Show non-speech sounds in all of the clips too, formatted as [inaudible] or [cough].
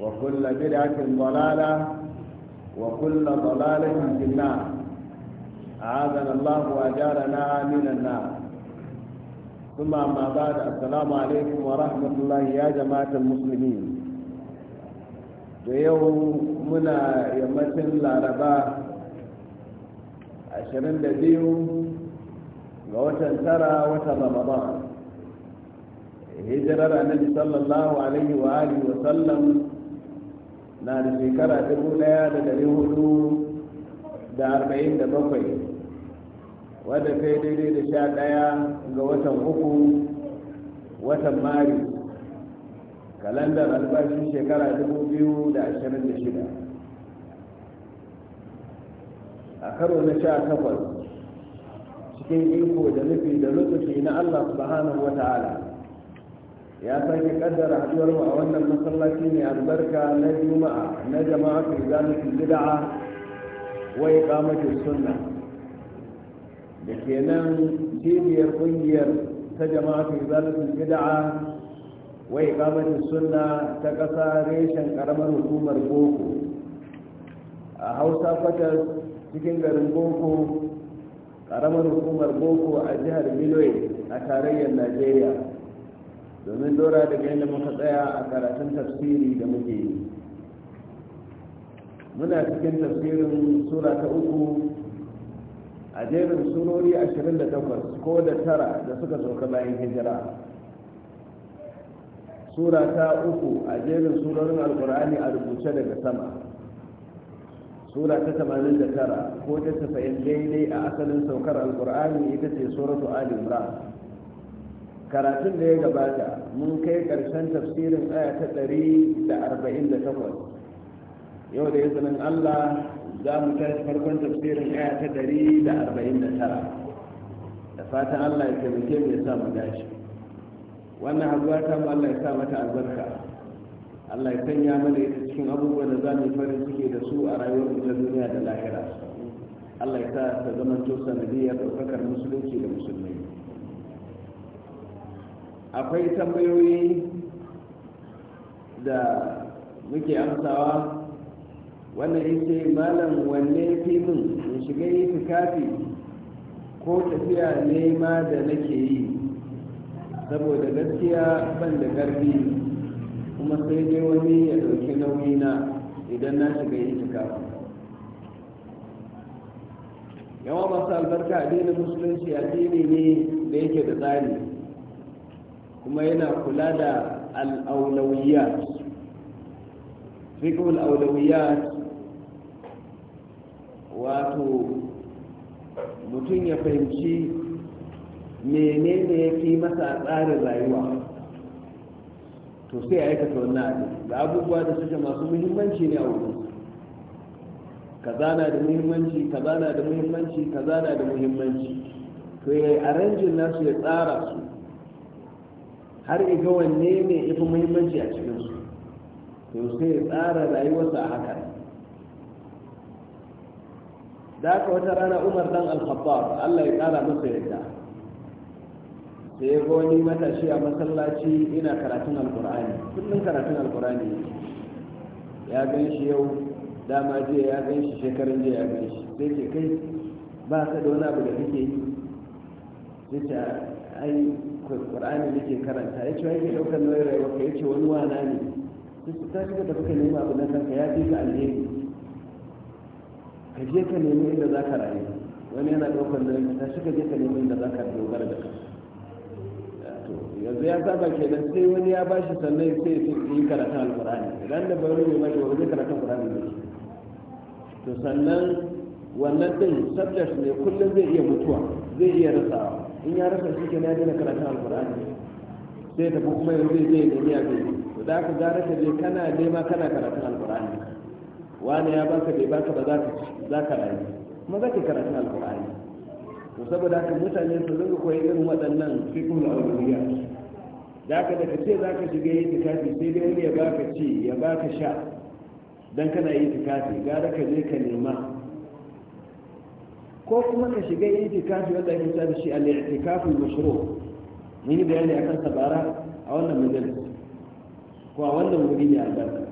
وكل بدعة ضلالة وكل ضلالة في النار أعاذنا الله وأجارنا من النار ثم أما بعد السلام عليكم ورحمة الله يا جماعة المسلمين يوم منا يمتن العرباء عشرين دبيو ووتن ترى وتن رمضان hijirar annabi sallallahu alaihi wa alihi wa sallam na da shekara dubu ɗaya da dari hudu da arba'in da bakwai wadda kai daidai da sha ɗaya ga watan uku watan mari kalandar albashi shekara dubu biyu da ashirin da shida a karo na sha takwas cikin iko da nufi da lokaci na allah subhanahu wa ta'ala ya sake kaddara haduwar mu a wannan masallaci mai albarka na juma'a na jama'a fi zalatul bid'a wa iqamatus sunna da kenan cibiyar kungiyar ta jama'a fi zalatul bid'a wa iqamatus sunna ta kasa reshen karamar hukumar boko a hausa kwatar cikin garin boko karamar hukumar boko a jihar miloy a tarayyar najeriya domin dora daga yadda muka tsaya a karatun tafsiri da muke yi muna cikin tafsirin sura ta uku a jerin surori 28 ko da tara da suka sauka bayan hijira sura ta uku a jerin surorin alkur'ani a rubuce daga sama sura ta 89 ko ta tafayin daidai a asalin saukar alkur'ani ita ce suratu ali imran karatun da ya gabata mun kai karshen tafsirin aya ta 148 yau da izinin allah za mu kai farkon tafsirin aya ta 149 da fatan allah ya taimake mu ya sa mu dashi wannan haduwa ta mu allah ya sa mata albarka allah ya sanya mana ita cikin abubuwan da za mu farin ciki da su a rayuwar ta duniya da lahira allah ya sa ta zama to sanadiyar ɗaukakar musulunci da musulmai akwai tambayoyi da muke amsawa wannan yake malam wanne filin in shiga yi fi ko tafiya nema da nake yi saboda gaskiya ban da ƙarfi kuma sai dai wani ya ɗauki nauyi na idan na shiga yi kafi yawan masu albarka addinin musulunci addini ne da yake da tsari kuma yana kula da al'aulawiyya fiqhul wato mutum ya fahimci menene ya fi masa tsarin rayuwa to sai aikata wannan abu da abubuwa da suke masu muhimmanci ne a wurin kaza na da muhimmanci kaza na da muhimmanci kaza na da muhimmanci to ya arrangin nasu ya tsara su har iga wanne ne ifi muhimmanci a cikinsu to sai ya tsara rayuwarsa a haka da aka wata rana umar dan alhabab, Allah ya tsara masa yadda sai ya wani matashi a masallaci ina karatun alkur'ani kullum karatun alkur'ani ya gan shi yau dama jiya ya gan shi shekarun jiya ya gan shi sai ce kai ba ka da wani abu da kake yi ai da ke karanta Ya ce wai ke daukar nauyin rayuwa Ya ce wani wana ne su ta shiga da suka nema abu na kanka ya fi ka alheri ka je ka nemi inda za ka rayu wani yana daukar nauyin ta shi ka je ka nemi inda za ka dogara da kanka yanzu ya saba kenan sai wani ya bashi sannan sai ya yi karatun alkur'ani idan da bai ne mai wani karatun alkur'ani ne to sannan wannan din subject ne kullum zai iya mutuwa zai iya rasawa in ya rasa shi ke na gina karatun alkur'ani sai tafi kuma yanzu zai je nemi a zai to da aka gara ka je kana nema kana karatun alkur'ani wani ya baka bai baka ba za ka rayu kuma za ka karatun alkur'ani to saboda haka mutane su zunga koyi irin waɗannan fiqhul awliya da ka daga ce za ka shiga yi tikafi sai dai wani ya baka ci ya baka sha dan kana yi tikafi gara ka je ka nema ko kuma ka shiga itikafi wanda ake sa shi a itikaful mashru mun yi bayani akan sabara a wannan majalis ko a wannan wuri ne a albarka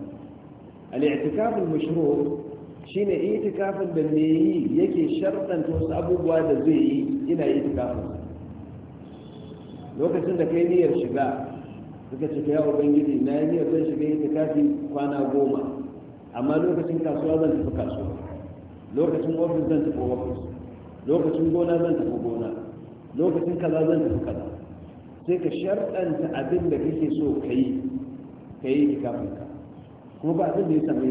al-i'tikaful mashru shine itikafin da me yi yake ta wasu abubuwa da zai yi ina itikafin lokacin da kai niyyar shiga suka ce ya ubangiji na yi niyyar zan shiga itikafi kwana goma amma lokacin kasuwa zan tafi kasuwa lokacin ofis zan tafi ofis lokacin gona zan tafi gona lokacin kaza zan tafi kaza sai ka sharɗanta abin da kake so ka yi ka yi ka kuma ba abin da ya samu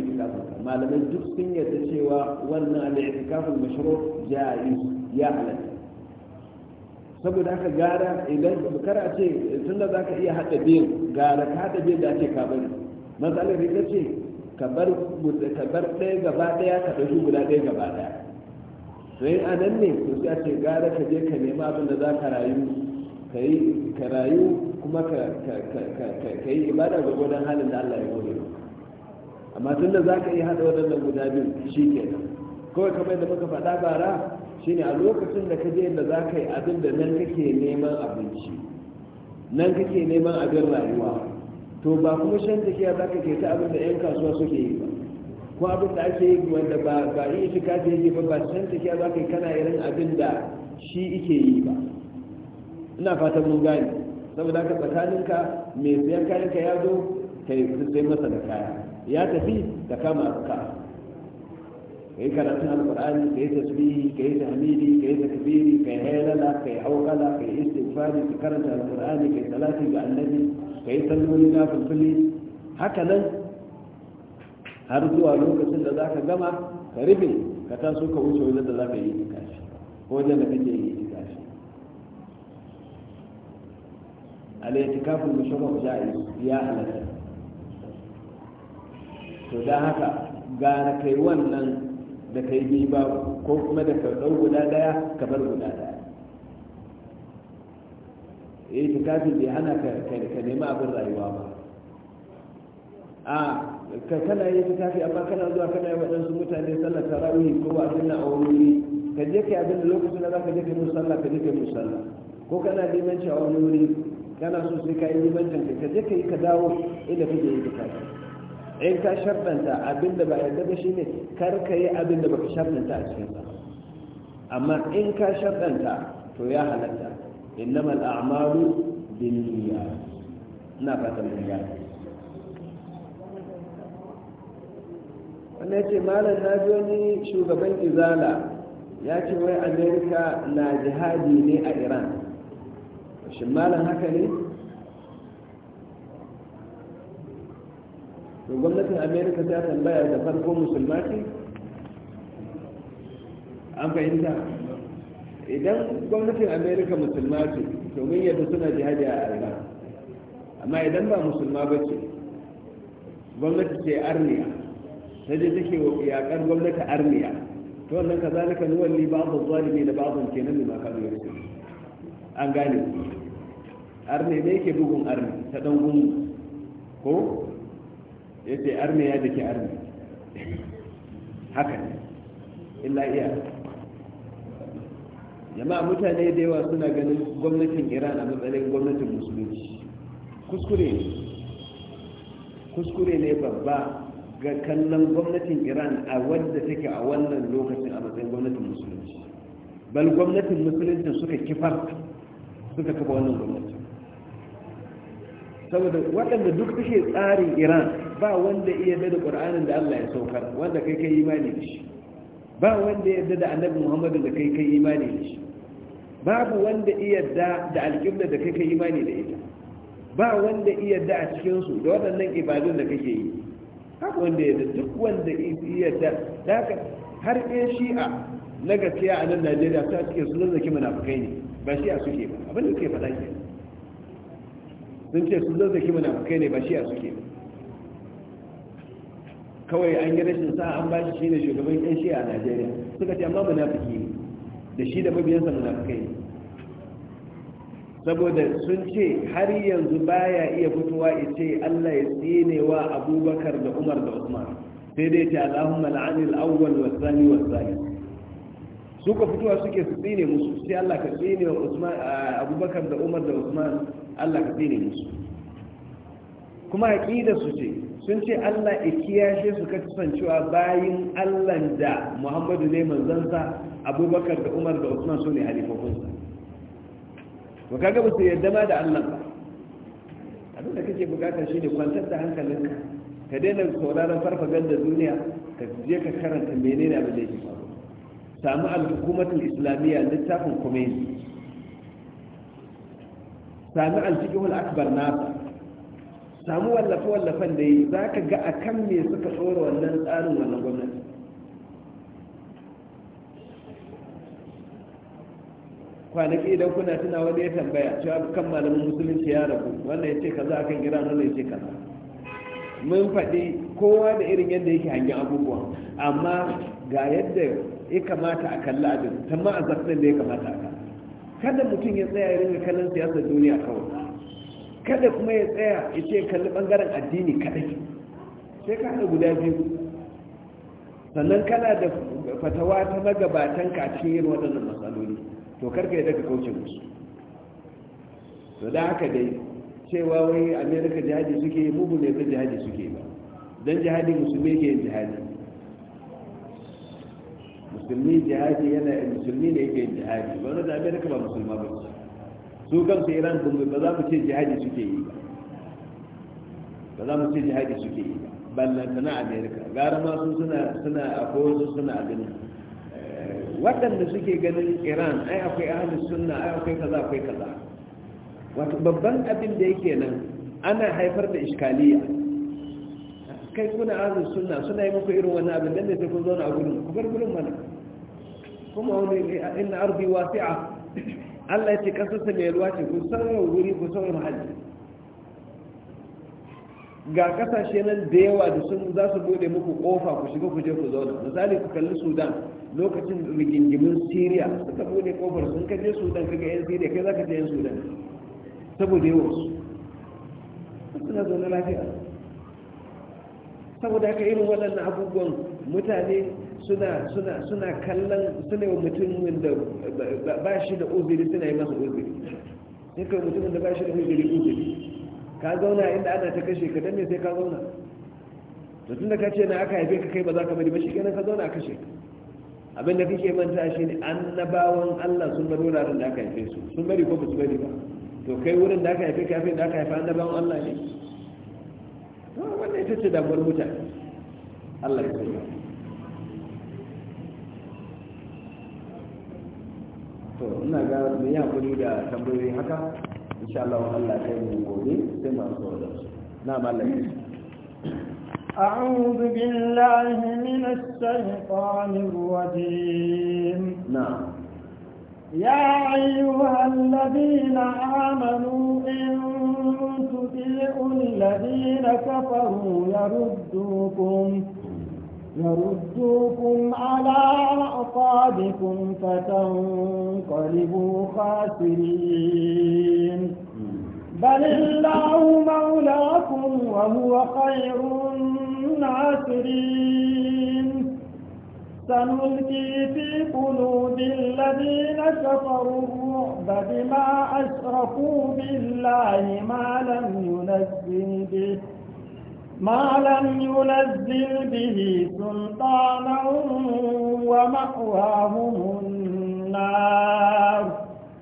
ka malamai duk sun yarda cewa wannan al'itikafin mashru jaiz ya halatta saboda haka gara idan kara a ce tun da zaka iya hada biyan gara ka hada biyan da ake ka bari matsalar ita ce ka bar ɗaya gaba ɗaya ka ɗauki guda ɗaya gaba ɗaya to yi anan ne ko sai ce gara ka je ka nema abin da za ka rayu ka rayu kuma ka yi ibada ga gwadon halin da Allah ya gode amma tun da za ka yi haɗa waɗannan guda biyu shi nan kawai kamar yadda muka faɗa bara shine a lokacin da ka je yadda za ka yi abin da nan kake neman abinci nan kake neman abin rayuwa to ba kuma shan tafiya za ka ke ta abin da 'yan kasuwa suke yi ba ko abin da ake yi wanda ba ba yi shi yake ba ba san take za kai kana irin abin da shi yake yi ba ina fatan mun gane saboda tsakanin ka mai sayan kayan ka ya zo kai sai masa da kaya ya tafi da kama ka kai karatun alqur'ani kai tasbihi kai tahmidi kai takbiri kai halala kai hawqala kai istighfari kai karanta alqur'ani kai salati ga annabi kai salloli na fulfuli haka nan har zuwa lokacin da zaka gama ka rufe ka taso ka wuce wajen da zaka yi kashi ko wajen da kake yi itikafi al itikaful musharraf ja'iz ya halatta to dan haka gara kai wannan da kai bi ba ko kuma da ka dau guda daya ka bar guda daya itikafi bai hana ka ka nemi abin rayuwa ba a ka kana yin tafi amma kana zuwa kana yi waɗansu mutane sallar tarawih ko abin na aururi ka je ka abin da lokacin da za ka je ka musu sallah ka je ka musu sallah ko kana limanci a wani wuri kana so sai ka yi limancin ka ka je ka yi ka dawo inda kake yin tafi in ka sharɗanta abin da ba yarda ba shine kar ka yi abin da baka sharɗanta a cikin sa amma in ka sharɗanta to ya halatta innamal a'malu bin niyya ina fatan mun gane wannan ce malam na ji wani shugaban izala ya ce wai amerika na jihadi ne a iran shi malam haka ne to gwamnatin amerika ta tambaya da farko musulma ce an fahimta idan gwamnatin amerika musulma ce mun yadda suna jihadi a iran amma idan ba musulma ba ce gwamnati ce arniya ta je take yakar gwamnati armiya to wannan ka zalika nuwan li babu zalimi da babu kenan ma ka biyo an gane armiya ne yake bugun armi ta dan gungu ko yace armiya ya dake armi haka ne illa iya jama'a mutane da yawa suna ganin gwamnatin iran a matsayin gwamnatin musulunci kuskure ne kuskure ne babba ga kallon gwamnatin iran a wadda take a wannan lokacin a matsayin gwamnatin musulunci bal gwamnatin musulunci suka kifar suka kafa wannan gwamnati saboda waɗanda duk suke tsarin iran ba wanda iya da ƙur'anin da allah ya saukar wanda kai kai imani da shi ba wanda ya da annabi muhammadu da kai kai imani da shi babu wanda iya da da alƙibla da kai kai imani da ita ba wanda iya da a cikinsu da waɗannan ibadun da kake yi haka wanda ya duk wanda iya da haka har ɗaya shi'a na gaskiya a nan najeriya ta suke zan zaki munafukai ne ba shi'a suke ba abinda suke faɗa ke sun ce zan zaki munafukai ne ba shi'a suke ba kawai an yi rashin sa an bashi shi ne shugaban yan shi'a a najeriya suka ce amma munafuki ne da shi da mabiyansa munafukai ne saboda sun ce har yanzu baya iya fitowa ya ce Allah ya tsine wa abubakar da umar da usman sai dai ce allahumma la'anil awwal wa sani wa sani. suka fitowa suke su tsine musu sai Allah ka tsine wa abubakar da umar da usman Allah ka tsine musu kuma aqida su ce sun ce Allah ya kiyashe su ka cewa bayin Allah da Muhammadu ne manzansa abubakar da umar da usman su ne halifafunsa to kaga ba su yarda ma da Allah ba abin da kake bukata shine kwantar da hankalinka ka daina sauraron da duniya ka je ka karanta menene abin da yake faru samu al-hukumatul islamiyya littafin komeni sami alfihul akbar nasa samu wallafe-wallafen da yi za ka ga a me suka tsora wannan tsarin wannan gwamnati kwanaki idan kuna tuna wani ya tambaya cewa kan malamin musulunci ya rabu wannan ya ce kaza akan iran nuna ya ce kaza mun faɗi kowa da irin yadda yake hangen abubuwa amma ga yadda ya kamata a kalli abin tamma a zartin da ya kamata a kalla kada mutum ya tsaya ya ga kallon siyasar duniya kawai kada kuma ya tsaya ya ce kalli bangaren addini kadai sai ka haɗa guda biyu sannan kana da fatawa ta magabatan ka cikin waɗannan masu to karka yadda ka kauce musu to da haka dai cewa wai amerika jihadi suke mugu ne ta jihadi suke ba don jihadi musulmi ke yin jihadi musulmi jihadi yana musulmi ne ke yin jihadi ba wanda amerika ba musulma ba su kansu iran ba za mu ce jihadi suke yi ba ba za mu ce jihadi suke yi ba ballantana amerika gara ma su suna a kowace suna a ganin waɗanda suke ganin iran ai akwai ahalus sunna ai akwai kaza akwai kaza wato babban abin da yake nan ana haifar da iskaliya kai kuna ahalus sunna suna yi muku irin wani abin nan da sai kun zauna a gurin ku bar gurin mana kuma wani inna ardi wasi'a Allah ya ce kasarsa mai yalwa ce ku sauran wuri ku sauran hajji ga kasashe nan da yawa da sun za su bude muku kofa ku shiga ku je ku zauna misali ku kalli sudan lokacin rigingimin syria suka bude kofar sun kaje sudan kaga yan syria kai zaka je yan sudan saboda yawa su suna zaune lafiya saboda haka irin waɗannan abubuwan mutane suna suna suna kallon suna yi mutumin da ba shi da uzuri suna yi masa uzuri sai kai mutumin da ba shi da uzuri uzuri ka zauna inda ana ta kashe ka danne sai ka zauna to tun da ka ce na aka haife ka kai ba za ka bari ba shi kenan ka zauna a kashe abin da kake manta shi ne annabawan Allah sun bar wuraren da aka haife su sun bari ko ba su bari ba to kai wurin da aka haife kafin da aka haifa annabawan Allah ne to wannan ita ce damuwar mutane Allah ya sanya to ina ga mu yi hakuri da tambayoyi haka insha Allah Allah kai mu gobe sai mu saurara su na mallaka أعوذ بالله من الشيطان الرجيم نعم يا أيها الذين آمنوا إن تطيعوا الذين كفروا يردوكم يردوكم على أعقابكم فتنقلبوا خاسرين بل الله مولاكم وهو خير الناصرين سنلقي في قلوب الذين كفروا الرعب بما أشركوا بالله ما لم ينزل به ما لم ينزل به سلطانا ومأواهم النار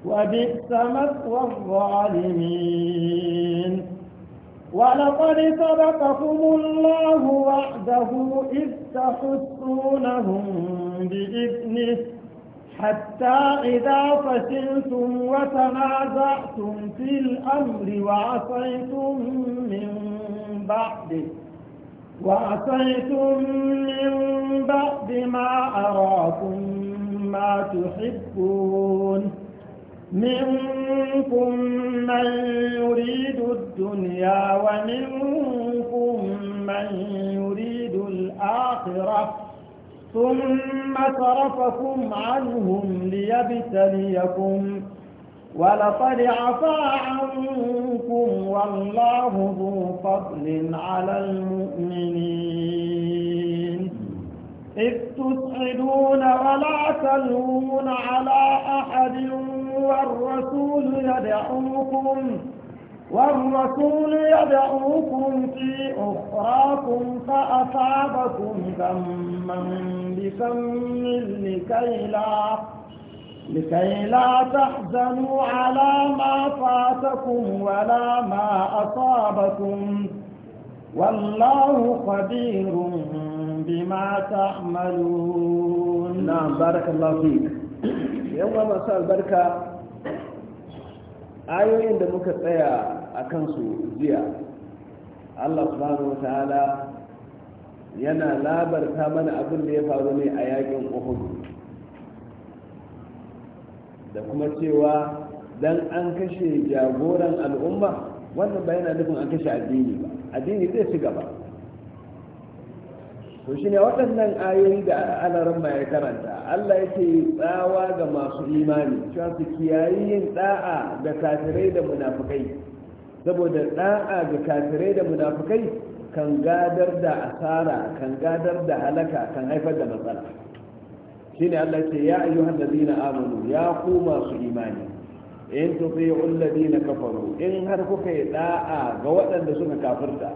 وبئس مثوى الظالمين ولقد سبقكم الله وعده إذ تحسونهم بإذنه حتى إذا فشلتم وتنازعتم في الأمر وعصيتم من بعده وعصيتم من بعد ما أراكم ما تحبون منكم من يريد الدنيا ومنكم من يريد الآخرة ثم صرفكم عنهم ليبتليكم ولقد عفا عنكم والله ذو فضل على المؤمنين إذ تسعدون ولا تلومون على أحد والرسول يدعوكم والرسول يدعوكم في أخراكم فأصابكم ذما بسم لكي لا لكي لا تحزنوا على ما فاتكم ولا ما أصابكم والله خبير بما تعملون نعم بارك الله فيك يوم صار بركه ayoyin da muka tsaya a kansu jiya allah subhanahu wa ta'ala yana labarta mana abin da ya faru ne a yakin uhud da kuma cewa dan an kashe jagoran al'umma wannan ba yana nufin an kashe addini ba addini zai ci gaba to ne waɗannan ayoyi da alaran ya karanta Allah yake tsawa ga masu imani cewa su kiyayi yin ɗa'a ga kafirai da munafukai saboda ɗa'a ga kafirai da munafukai kan gadar da asara kan gadar da halaka kan haifar da matsala Shi ne Allah ce ya ayyuhan ladina amanu ya ku masu imani in tuti'u ulladina kafaru in har kuka yi da'a ga waɗanda suka kafirta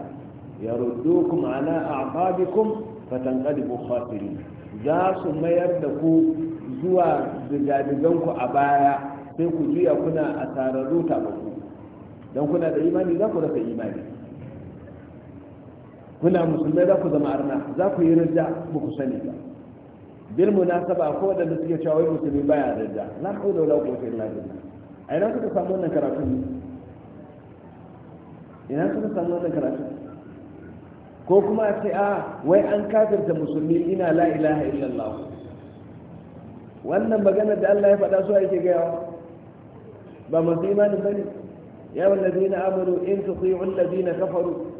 yaruddukum ala a'qabikum fatanqalibu khasirin za su mayar da ku zuwa digadigan ku a baya sai ku juya kuna a ba ku. dan kuna da imani za ku rasa imani kuna musulmai za ku zama arna za ku yi rajja ba ku sani ba bil munasaba ko da suke cewa musulmi baya Na la hawla wala quwwata illa billah a ina suka samu wannan karatu ina suka samu wannan karatu ko kuma a ce a wai an kafirta musulmi ina la ilaha illallah wannan magana da Allah ya faɗa su ake gaya ba masu imanin bane ya wallazi na amuru in tuti'u alladhina kafaru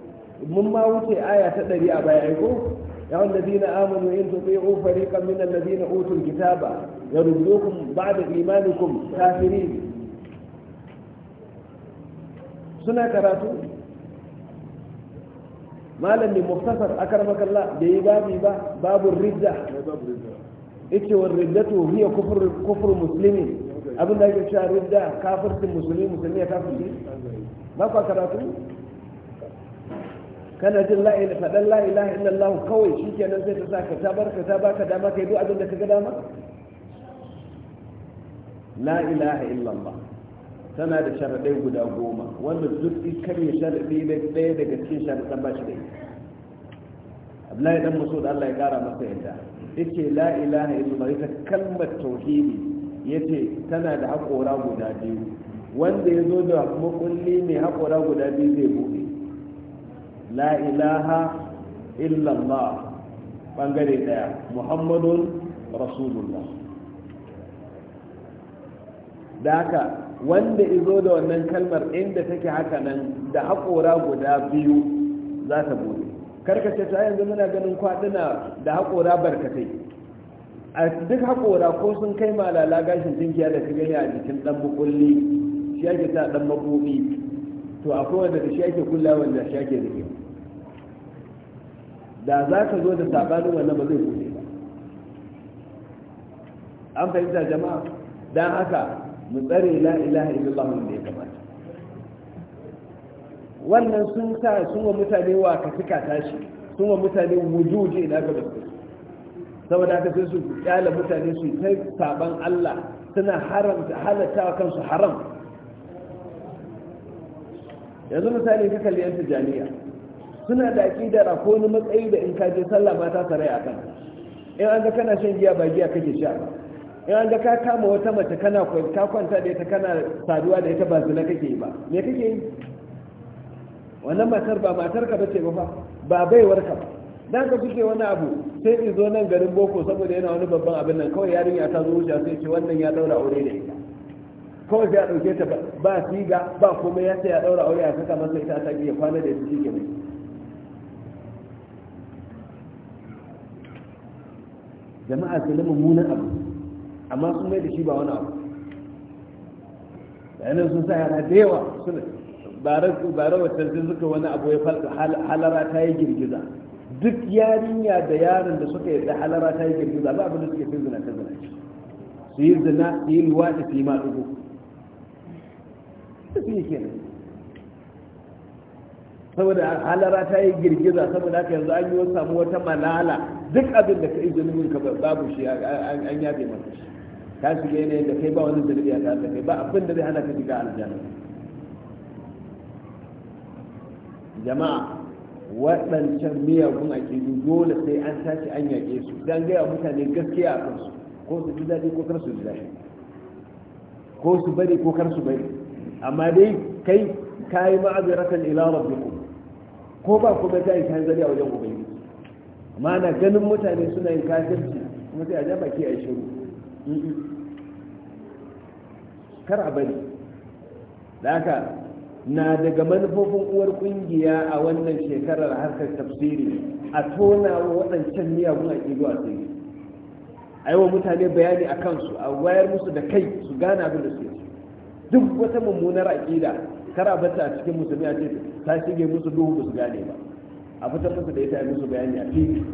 mun ma wuce aya ta ɗari a baya ko? aiko يا الذين آمنوا إن تطيعوا فريقا من الذين أوتوا الكتاب يردوكم بعد إيمانكم كافرين سنة karatu? malam ne muftasar akar makalla da yi babi ba babu ridda ita wa riddatu hiya kufur kufur muslimi abin da ake cewa ridda kafirtin musulmi musulmi ya kafirci ba kwa karatu kana jin la ilaha fadan la ilaha illallah kawai shikenan sai ta sa ka tabar ka ta baka dama yi duk abin da ka ga dama la ilaha illallah tana da sharaɗai guda goma wanda duk ikar ya sharaɗi da ɗaya daga cikin sharaɗan ba shi da ita abdullahi dan Allah ya ƙara masa yadda yace la ilaha illallah ita kalmar tauhidi yace tana da haƙora guda biyu wanda ya zo da makulli mai haƙora guda biyu zai buɗe la ilaha illallah bangare ɗaya muhammadun rasulullah da haka wanda izo da wannan kalmar inda take haka nan da haƙora guda biyu za ta bude karkace ta yanzu muna ganin kwaɗina da haƙora barkatai a duk haƙora ko sun kai malala gashin tinkiya da ka gani a jikin ɗan bukulli shi ake sa ɗan mabuɗi to akwai wanda da shi ake kulla wanda shi ake rike da za ka zo da sabanin wannan ba zai bude ba an fahimta jama'a don haka mu tsare la ilaha illallah da ya kamata. wannan sun sa sun wa mutane wa ka fika tashi sun wa mutane wujuje ina ka basu saboda haka sai su kyala mutane su ta saban Allah suna haramta halatta kansu haram yanzu misali ka kalli yan tijaniya suna da da ko ni matsayi da in ka je sallah ba ta sarai akan in an ga kana shan giya ba giya kake sha ba in ga ka kama wata mace kana ka kwanta da ita kana saduwa da ita ba zina kake yi ba me kake yi wannan matar ba matar ka bace ba ba baiwar ka ba dan ka kike wani abu sai in zo nan garin boko saboda yana wani babban abin nan kawai yarinya ta zo wuce sai ce wannan ya daura aure da ita kawai ya dauke ta ba siga ba komai ya ce ya daura aure a saka masa ita ta giya kwana da shi ke jama'a su na mummunan abu amma sun mai da shi ba wani abu yanar sun sa yana da yawa suna bara wata sun suka wani abu ya falka halara ta yi girgiza duk yarinya da yaron da suka yi halara ta yi girgiza ba abin da suke fin zina ta zina su yi zina su yi luwa da su yi kenan saboda halara ta yi girgiza saboda haka yanzu an yi samu wata malala duk abin da ka izinin ka babu shi an yabe masa shi ka shiga yanayin da kai ba wani zunubi a tare da kai ba abin da zai hana ka shiga aljanna jama'a waɗancan miyagun a aƙidu dole sai an tashi an yaƙe su don gaya mutane gaskiya a kansu ko su ji daɗi ko kar su ji daɗi ko su bari ko kar su bari amma dai kai ka yi ma'aziratan ila rabbikum ko ba ku ta yi kayan zari a wajen ubangiji amma na ganin mutane suna yin kafirci kuma sai a jama'a ke a yi shiru kar a bari da haka na daga manufofin uwar kungiya a wannan shekarar harkar tafsiri a tona waɗancan miyagun aƙidu a tsaye a yi wa mutane bayani a kansu a wayar musu da kai su gane abin da yi. duk wata mummunar aƙida kar a bata a cikin musulmi a ce ta shige musu duhu ba su gane ba a fitar musu da ita a musu bayani a fili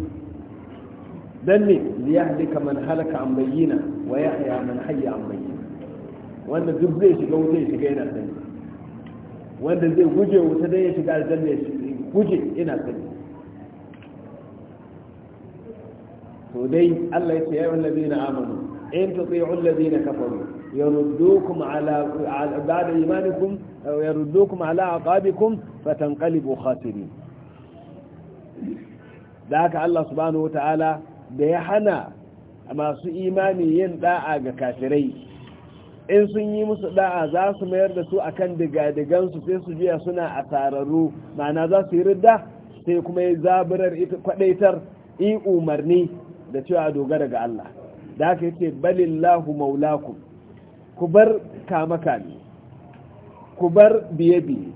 don ne liyahlika kamar halaka an bayyana wa yahya man hayya an wanda duk zai shiga wuta ya shiga yana sani wanda zai guje wuta dan ya shiga aljanna ya guje yana sani to dai Allah ya ce ya wallazina amanu in tuti'u allazina kafaru يردوكم على بعد إيمانكم أو يردوكم على عقابكم فتنقلبوا خاسرين ذاك الله سبحانه وتعالى بيحنا masu imani yin da'a ga kafirai in sun yi musu da'a za su mayar da su akan digadigansu sai su jiya suna a asararru ma'ana za su yi ridda sai kuma ya zaburar kwadaitar i umarni da cewa dogara ga Allah da haka yake balillahu maulakum ku bar kama ku bar biye biye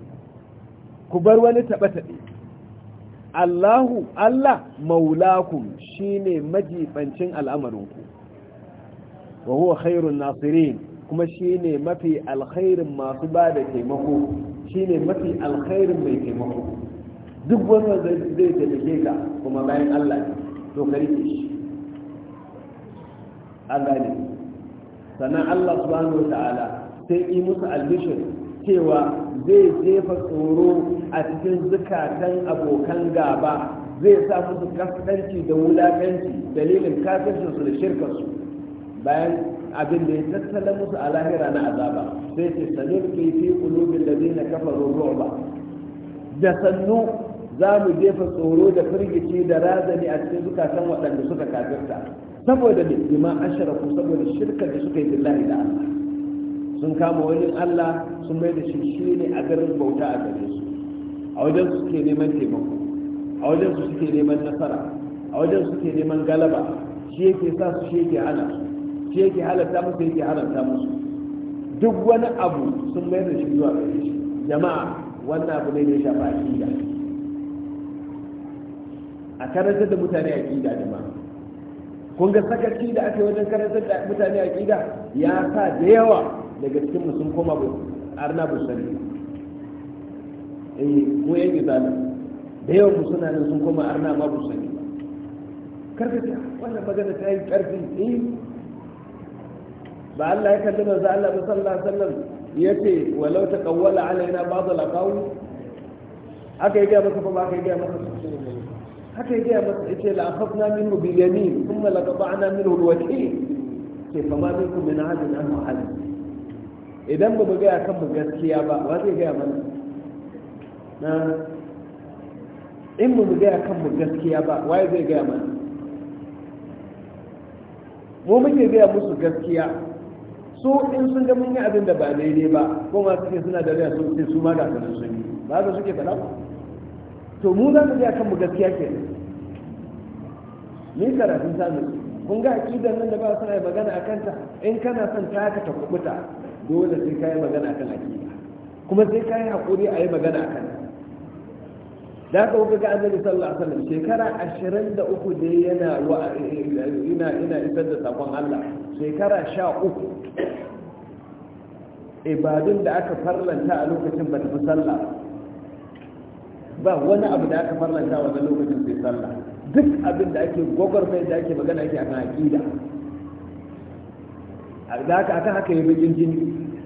ku bar wani taɓa taɓe Allahu Allah maulakum shine majibancin al'amarinku wa huwa khairun nasirin kuma shine mafi alkhairin masu ba da taimako shine mafi alkhairin mai taimako duk wanda zai taimake ka kuma bayan Allah to ka ke shi Allah ne sannan Allah subhanahu wa ta'ala sai yi musu albishirin cewa zai jefa tsoro a cikin zukatan abokan gaba zai sa musu kaskanci da wulakanci dalilin kafircinsu da shirkarsu bayan abin da ya tattala musu a lahira na azaba sai ce sanin fi kulubin da zai na kafa ba da sannu za mu jefa tsoro da firgici da razani a cikin zukatan waɗanda suka kafirta saboda ne bima ashirafu saboda shirka da suka yi billahi da Allah sun kama wani allah sun mai da shi shi ne a garin bauta a gare su a wajen su suke neman taimako a wajen su suke neman nasara a wajen su suke neman galaba shi yake sa su shi yake hana su shi yake halatta musu yake haramta musu duk wani abu sun mai da shi zuwa gare shi jama'a wannan abu ne da ya shafa aƙida a karantar da mutane aƙida jama'a kun ga sakaci da ake wajen karantar da mutane aƙida ya sa da yawa daga cikin mu sun koma arna busari eh ko yan izala da yawan mu suna nan sun kuma arna ma busari karka ta wannan magana ta yi karfi eh ba Allah ya kalli manzo Allah sallallahu alaihi wasallam yace walau ta taqawwala alaina ba'd al-aqawl haka yake masa ba haka yake masa haka yake masa yace la akhadna minhu bi yamin thumma laqata'na minhu al-wakiil sai fa ma minkum min ahadin an muhadith idan ba mu gaya kanmu gaskiya ba ba zai gaya mana na in ba mu gaya kanmu gaskiya ba waye zai gaya mana mu muke gaya musu gaskiya su in sun ga mun yi abin da ba daidai ba ko ma suke suna da riya sun su ma da su sun yi ba za suke faɗa ba to mu za mu gaya kanmu gaskiya ke ni karatun samun kun ga akidan nan da ba su magana a kanta in kana son ta ka ta kubuta dole sai ka yi magana kan aƙida kuma sai ka yi haƙuri a yi magana kan da ka kuka ga annabi sallallahu alaihi wasallam shekara ashirin da uku ne yana ina ina isar da sakon Allah shekara sha uku ibadun da aka farlanta a lokacin ba ta fi sallah ba wani abu da aka farlanta wannan lokacin sai sallah duk abin da ake gwagwarmai da ake magana ake akan aƙida da haka akan haka yi bakin jini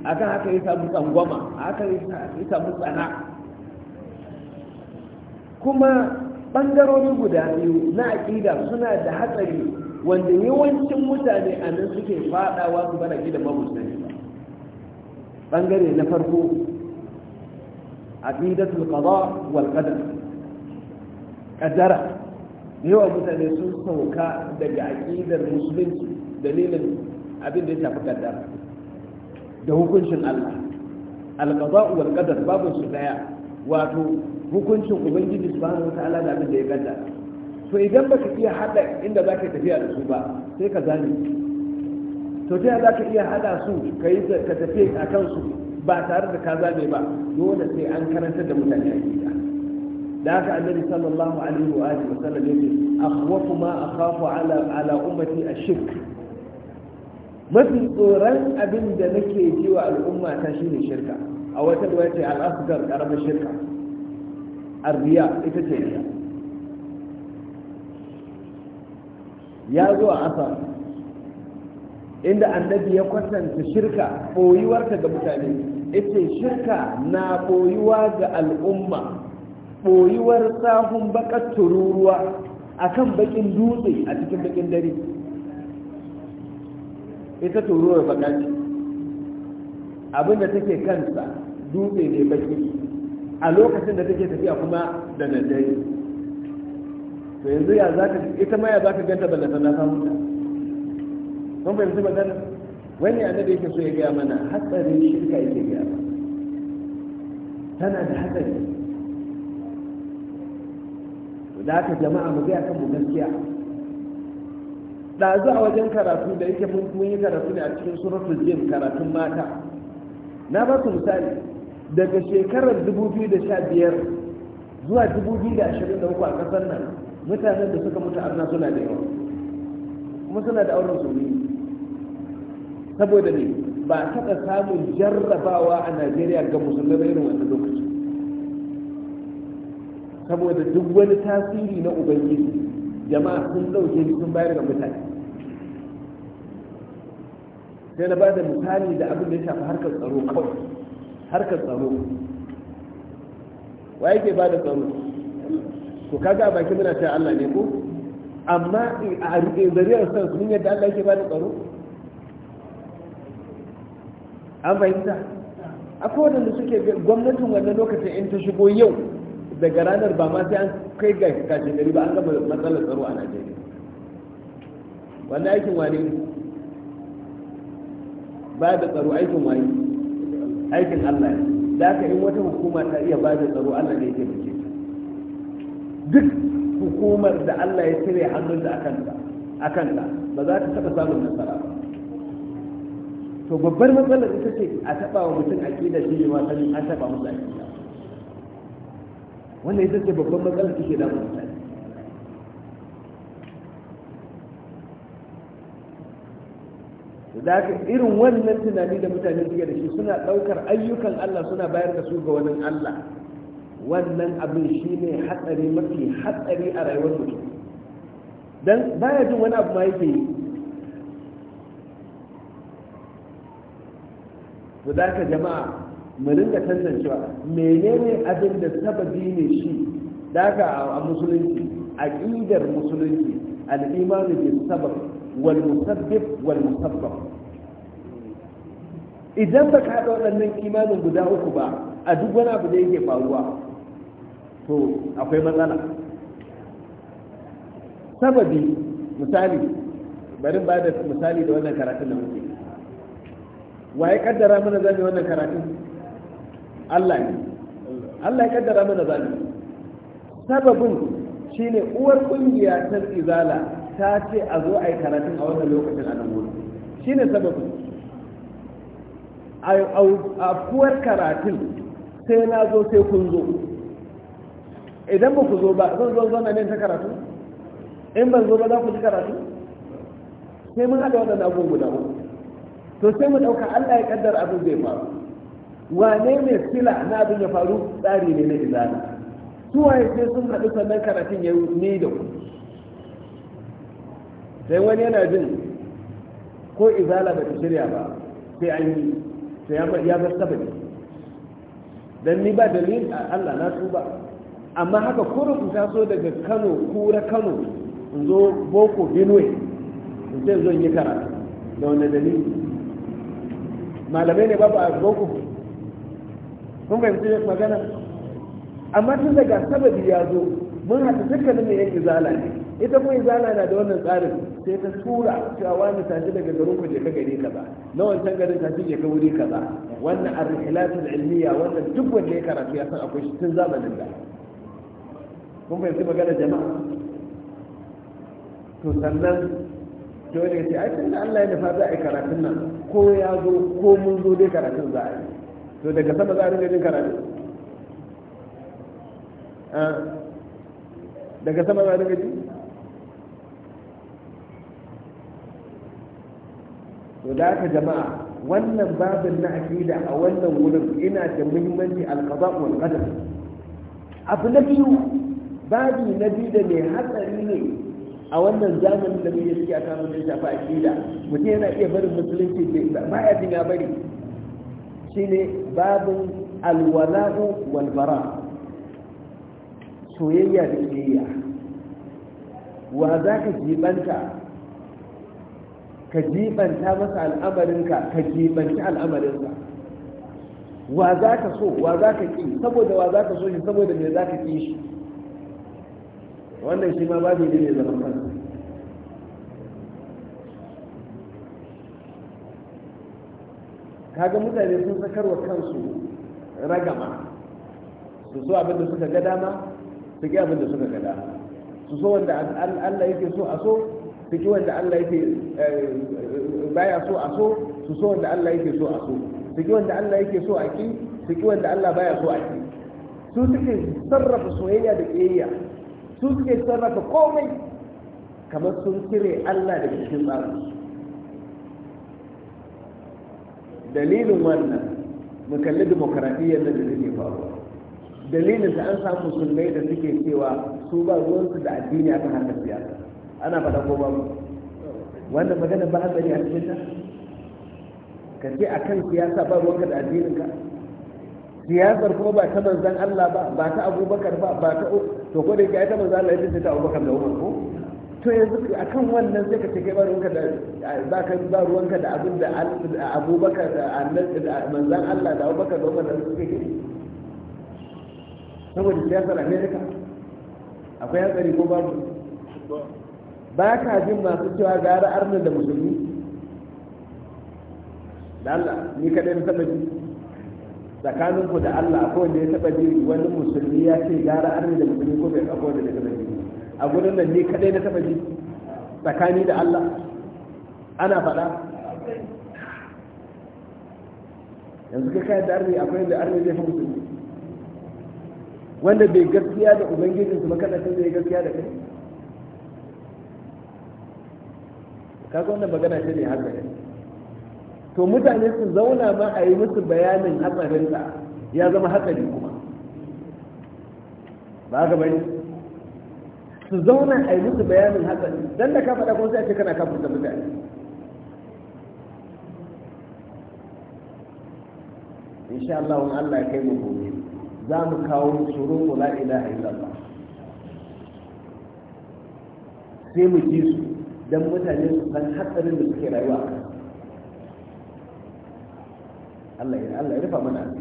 akan haka yi samu tsangwama akan yi samu tsana kuma ɓangarori guda biyu na aƙida suna da hatsari wanda yawancin mutane a nan suke faɗawa su bar aƙida mamusani ɓangare na farko aƙidatul qada wal qadar kadara yawan mutane sun sauka daga aƙidar musulunci dalilin abin da ya shafi kaddara da hukuncin Allah alqada wal qadar babu su daya wato hukuncin ubangiji subhanahu wataala da abin da ya kaddara to idan baka iya hada inda zaka tafiya da su ba sai ka zane to ta za ka iya hada su ka yi ka tafi a kansu ba tare da ka zane ba dole sai an karanta da mutane a gida da haka annabi sallallahu alaihi wa alihi wa sallam yake akhwafu ma akhafu ala ala ummati ashirk mafi tsoron abin da nake ji wa al'umma ta shine shirka a wata da wata al'asgar karamin shirka Arbiya, ita ce riya ya zo a asa inda annabi ya kwatanta shirka ɓoyuwarta ga mutane ita shirka na ɓoyuwa ga al'umma ɓoyuwar sahun baƙar tururuwa akan baƙin dutse a cikin baƙin dare ita turuwar bakanci abin da take kansa dutse ne baki a lokacin da take tafiya kuma da daddare to yanzu ya za ka ita ma ya za ka ganta ballata na samu ta bai zuba dan wani annabi yake so ya gaya mana hatsarin shirka yake gaya ba tana da hatsari da haka jama'a mu ga kan mu gaskiya ɗazu a wajen karatu da yake mun yi karatu ne a cikin suratul jin karatun mata na ba su misali daga shekarar 2015 zuwa 2023 a ƙasar nan mutanen da suka mutu arna suna da yawa kuma suna da auren suni saboda ne ba a taɓa samun jarrabawa a najeriya ga musulmai irin wannan lokaci saboda duk wani tasiri na ubangiji jama'a sun ɗauke ni sun bayar ga mutane sai na ba da misali da abin da ya shafi harkar tsaro kawai harkar tsaro wa yake ba da tsaro to kaga a baki muna cewa Allah ne ko amma a zariyar san sun yadda Allah yake ba da tsaro an fahimta akwai wadanda suke gwamnatin wannan lokacin in ta shigo yau daga ranar ba ma sai an kai ga kashe gari ba an gama matsalar tsaro a najeriya wanda aikin wani ba da tsaro aikin wani aikin allah da aka yi wata hukuma ta iya ba da tsaro allah ne ke bace duk hukumar da allah ya cire hannunta a kanta ba za ta taɓa samun nasara ba to babbar matsalar ita ce a taɓa wa mutum a shi ne ma sanin an taɓa musu aƙida wannan ita ce babban matsalar ke da mutane da haka irin wannan tunani da mutane suke da shi suna ɗaukar ayyukan Allah suna bayar da su ga wannan Allah wannan abin shi ne hatsari mafi hatsari a rayuwar mutum don baya jin wani abu ma yake yi to da jama'a mu rinka tantancewa menene abin da sababi ne shi daga a musulunci a aqidar musulunci al-iman bi sabab wal musabbib wal musabbab idan ba ka da waɗannan imanin guda uku ba a duk wani abu da yake faruwa to akwai matsala sababi misali bari ba da misali da wannan karatun da muke waye ya kaddara mana zami wannan karatun Allah ne Allah ya kaddara mana zalim sababin shine uwar kungiya ta izala ta ce a zo a yi karatun a wannan lokacin a nan wurin shine sababin a kuwar karatun sai na zo sai kun zo idan ba ku zo ba zan zo zan ne ta karatu in ban zo ba za ku ji karatu sai mun haɗa waɗanda abubuwa guda to sai mu ɗauka Allah ya kaddar abin zai faru wane ne sila na abin ya faru tsari ne na izala waye sai sun haɗu sannan karatun ya yi ne da ku sai wani yana jin ko izala ba ta shirya ba sai an yi sai ya ga sabani dan ni ba dalil a Allah na ba amma haka kurun ta so daga Kano kura Kano in zo Boko Benue in ce zo yi karatu da wani dalili malamai ne babu a Boko mun fahimci magana amma tun daga sababi ya zo mun haɗu dukkanin mai yake zala ne ita kuma zala na da wannan tsarin sai ta tura cewa wani tashi daga garin ku je ka gari ba na wancan garin tashi je ka wuri ba wannan ar-rihlatul ilmiya wannan duk wanda ya karatu ya san akwai shi tun zamanin da kun fahimci magana jama'a to sannan dole ne ce ai tun da Allah ya nufa za a yi karatun nan ko ya zo ko mun zo dai karatun za a yi to daga sama za a rinka jin karatu ah. daga sama za a rinka ji to da aka jama'a wannan babin na akida a wannan wurin ina da muhimmanci alqada wal qadar abu na biyu babi na biyu da mai hatsari ne a wannan zamanin da muke ciki a kan da shafi akida mutum yana iya barin musulunci ba ya jin ya bari shine babin alwala'u wal bara soyayya da soyayya wa za ka jibanta ka jibanta masa al'amarinka ka jibanta al'amarinka wa za ka so wa za ka saboda wa za ka so shi saboda me za ka shi wannan shi ma babu ne zaman kansa kaga mutane sun wa kansu ragama su so abin da suka ga dama su ki abin da suka ga dama su so wanda Allah yake so a so su ki wanda Allah yake eh, baya so a so su so wanda Allah yake so a so su ki wanda Allah yake so a ki su ki wanda Allah baya so a ki su suke sarrafa soyayya da kiyayya su suke sarrafa komai kamar sun cire Allah daga cikin tsarin dalilin wannan mu kalli demokaradiyyar nan da take faruwa dalilin da an samu musulmai da suke cewa su ba ruwansu da addini a kan harkar siyasa ana faɗa ko ba mu wannan magana ba hankali a cikin ta ka ce a kan siyasa ba ruwanka da addininka. siyasar kuma ba ta manzan Allah ba ba ta Abubakar ba ba ta to ko da ke ta manzan Allah ya ce ta Abubakar da Umar ko to yanzu a kan wannan sai ka ce kai ba da ba ka ba ruwanka da abin da abubakar da annabi da manzan Allah da abubakar da umar da suke kai saboda siyasar Amerika akwai hatsari ko babu ba ka jin masu cewa gara arna da musulmi da Allah ni kaɗai na taɓa ji tsakaninku da Allah ko wanda ya taɓa ji wani musulmi ya ce gara arna da musulmi ko bai ɗauko da daga a gudun nan ne kadai na taba ji tsakani da Allah ana faɗa yanzu ka kai da arni akwai da arni zai fi wanda bai gaskiya da ubangijinsu su kada zai gaskiya da kai kaga wannan magana ce ne haka to mutane su zauna ma a yi musu bayanin hatsarinsa ya zama hatsari kuma ba ga bane su zauna a yi musu bayanin hatsari don da ka faɗa kuma sai a ce kana kafin da mutane sha Allah wani Allah ya kai mu gobe za mu kawo shuru ko la ilaha illallah sai mu ji su don mutane su san hatsarin da suke rayuwa Allah ya Allah ya rufa mana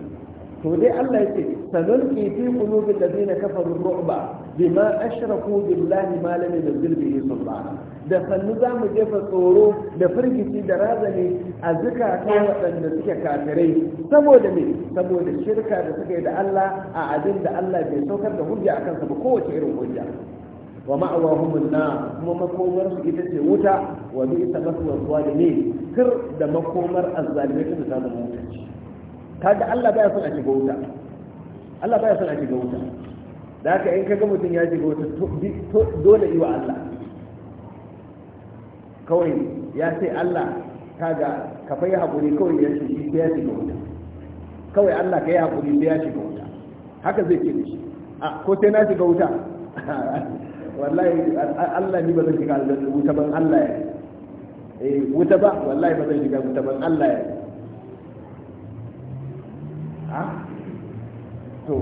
to dai Allah ya ce sanulqi fi qulubi zina kafaru ru'ba bima ashraku billahi ma lam yunzil bihi sultana da sannu za mu jefa tsoro da firgici da razani a zukatan waɗanda suke kafirai saboda me saboda shirka da suka yi da Allah a abin da Allah bai saukar da hujja akan sa ba kowace irin hujja wa ma'awahum an-nar kuma makomar su ita ce wuta wa bi'sa maswa zalimin kir da makomar azzalimai da zamu mutunci kaga Allah baya son a shiga wuta Allah baya son a shiga wuta da haka in kaga mutum ya shiga wata dole yi wa Allah kawai ya sai Allah kaga ka fai haƙuri kawai ya shi ya shiga wuta kawai Allah ka yi haƙuri sai ya shiga wuta haka zai ce shi a ko sai na shiga wuta [laughs] wallahi Allah ni ba zan shiga aljanna wuta ban Allah ya eh wuta ba wallahi ba zan shiga wuta ban Allah ya ha to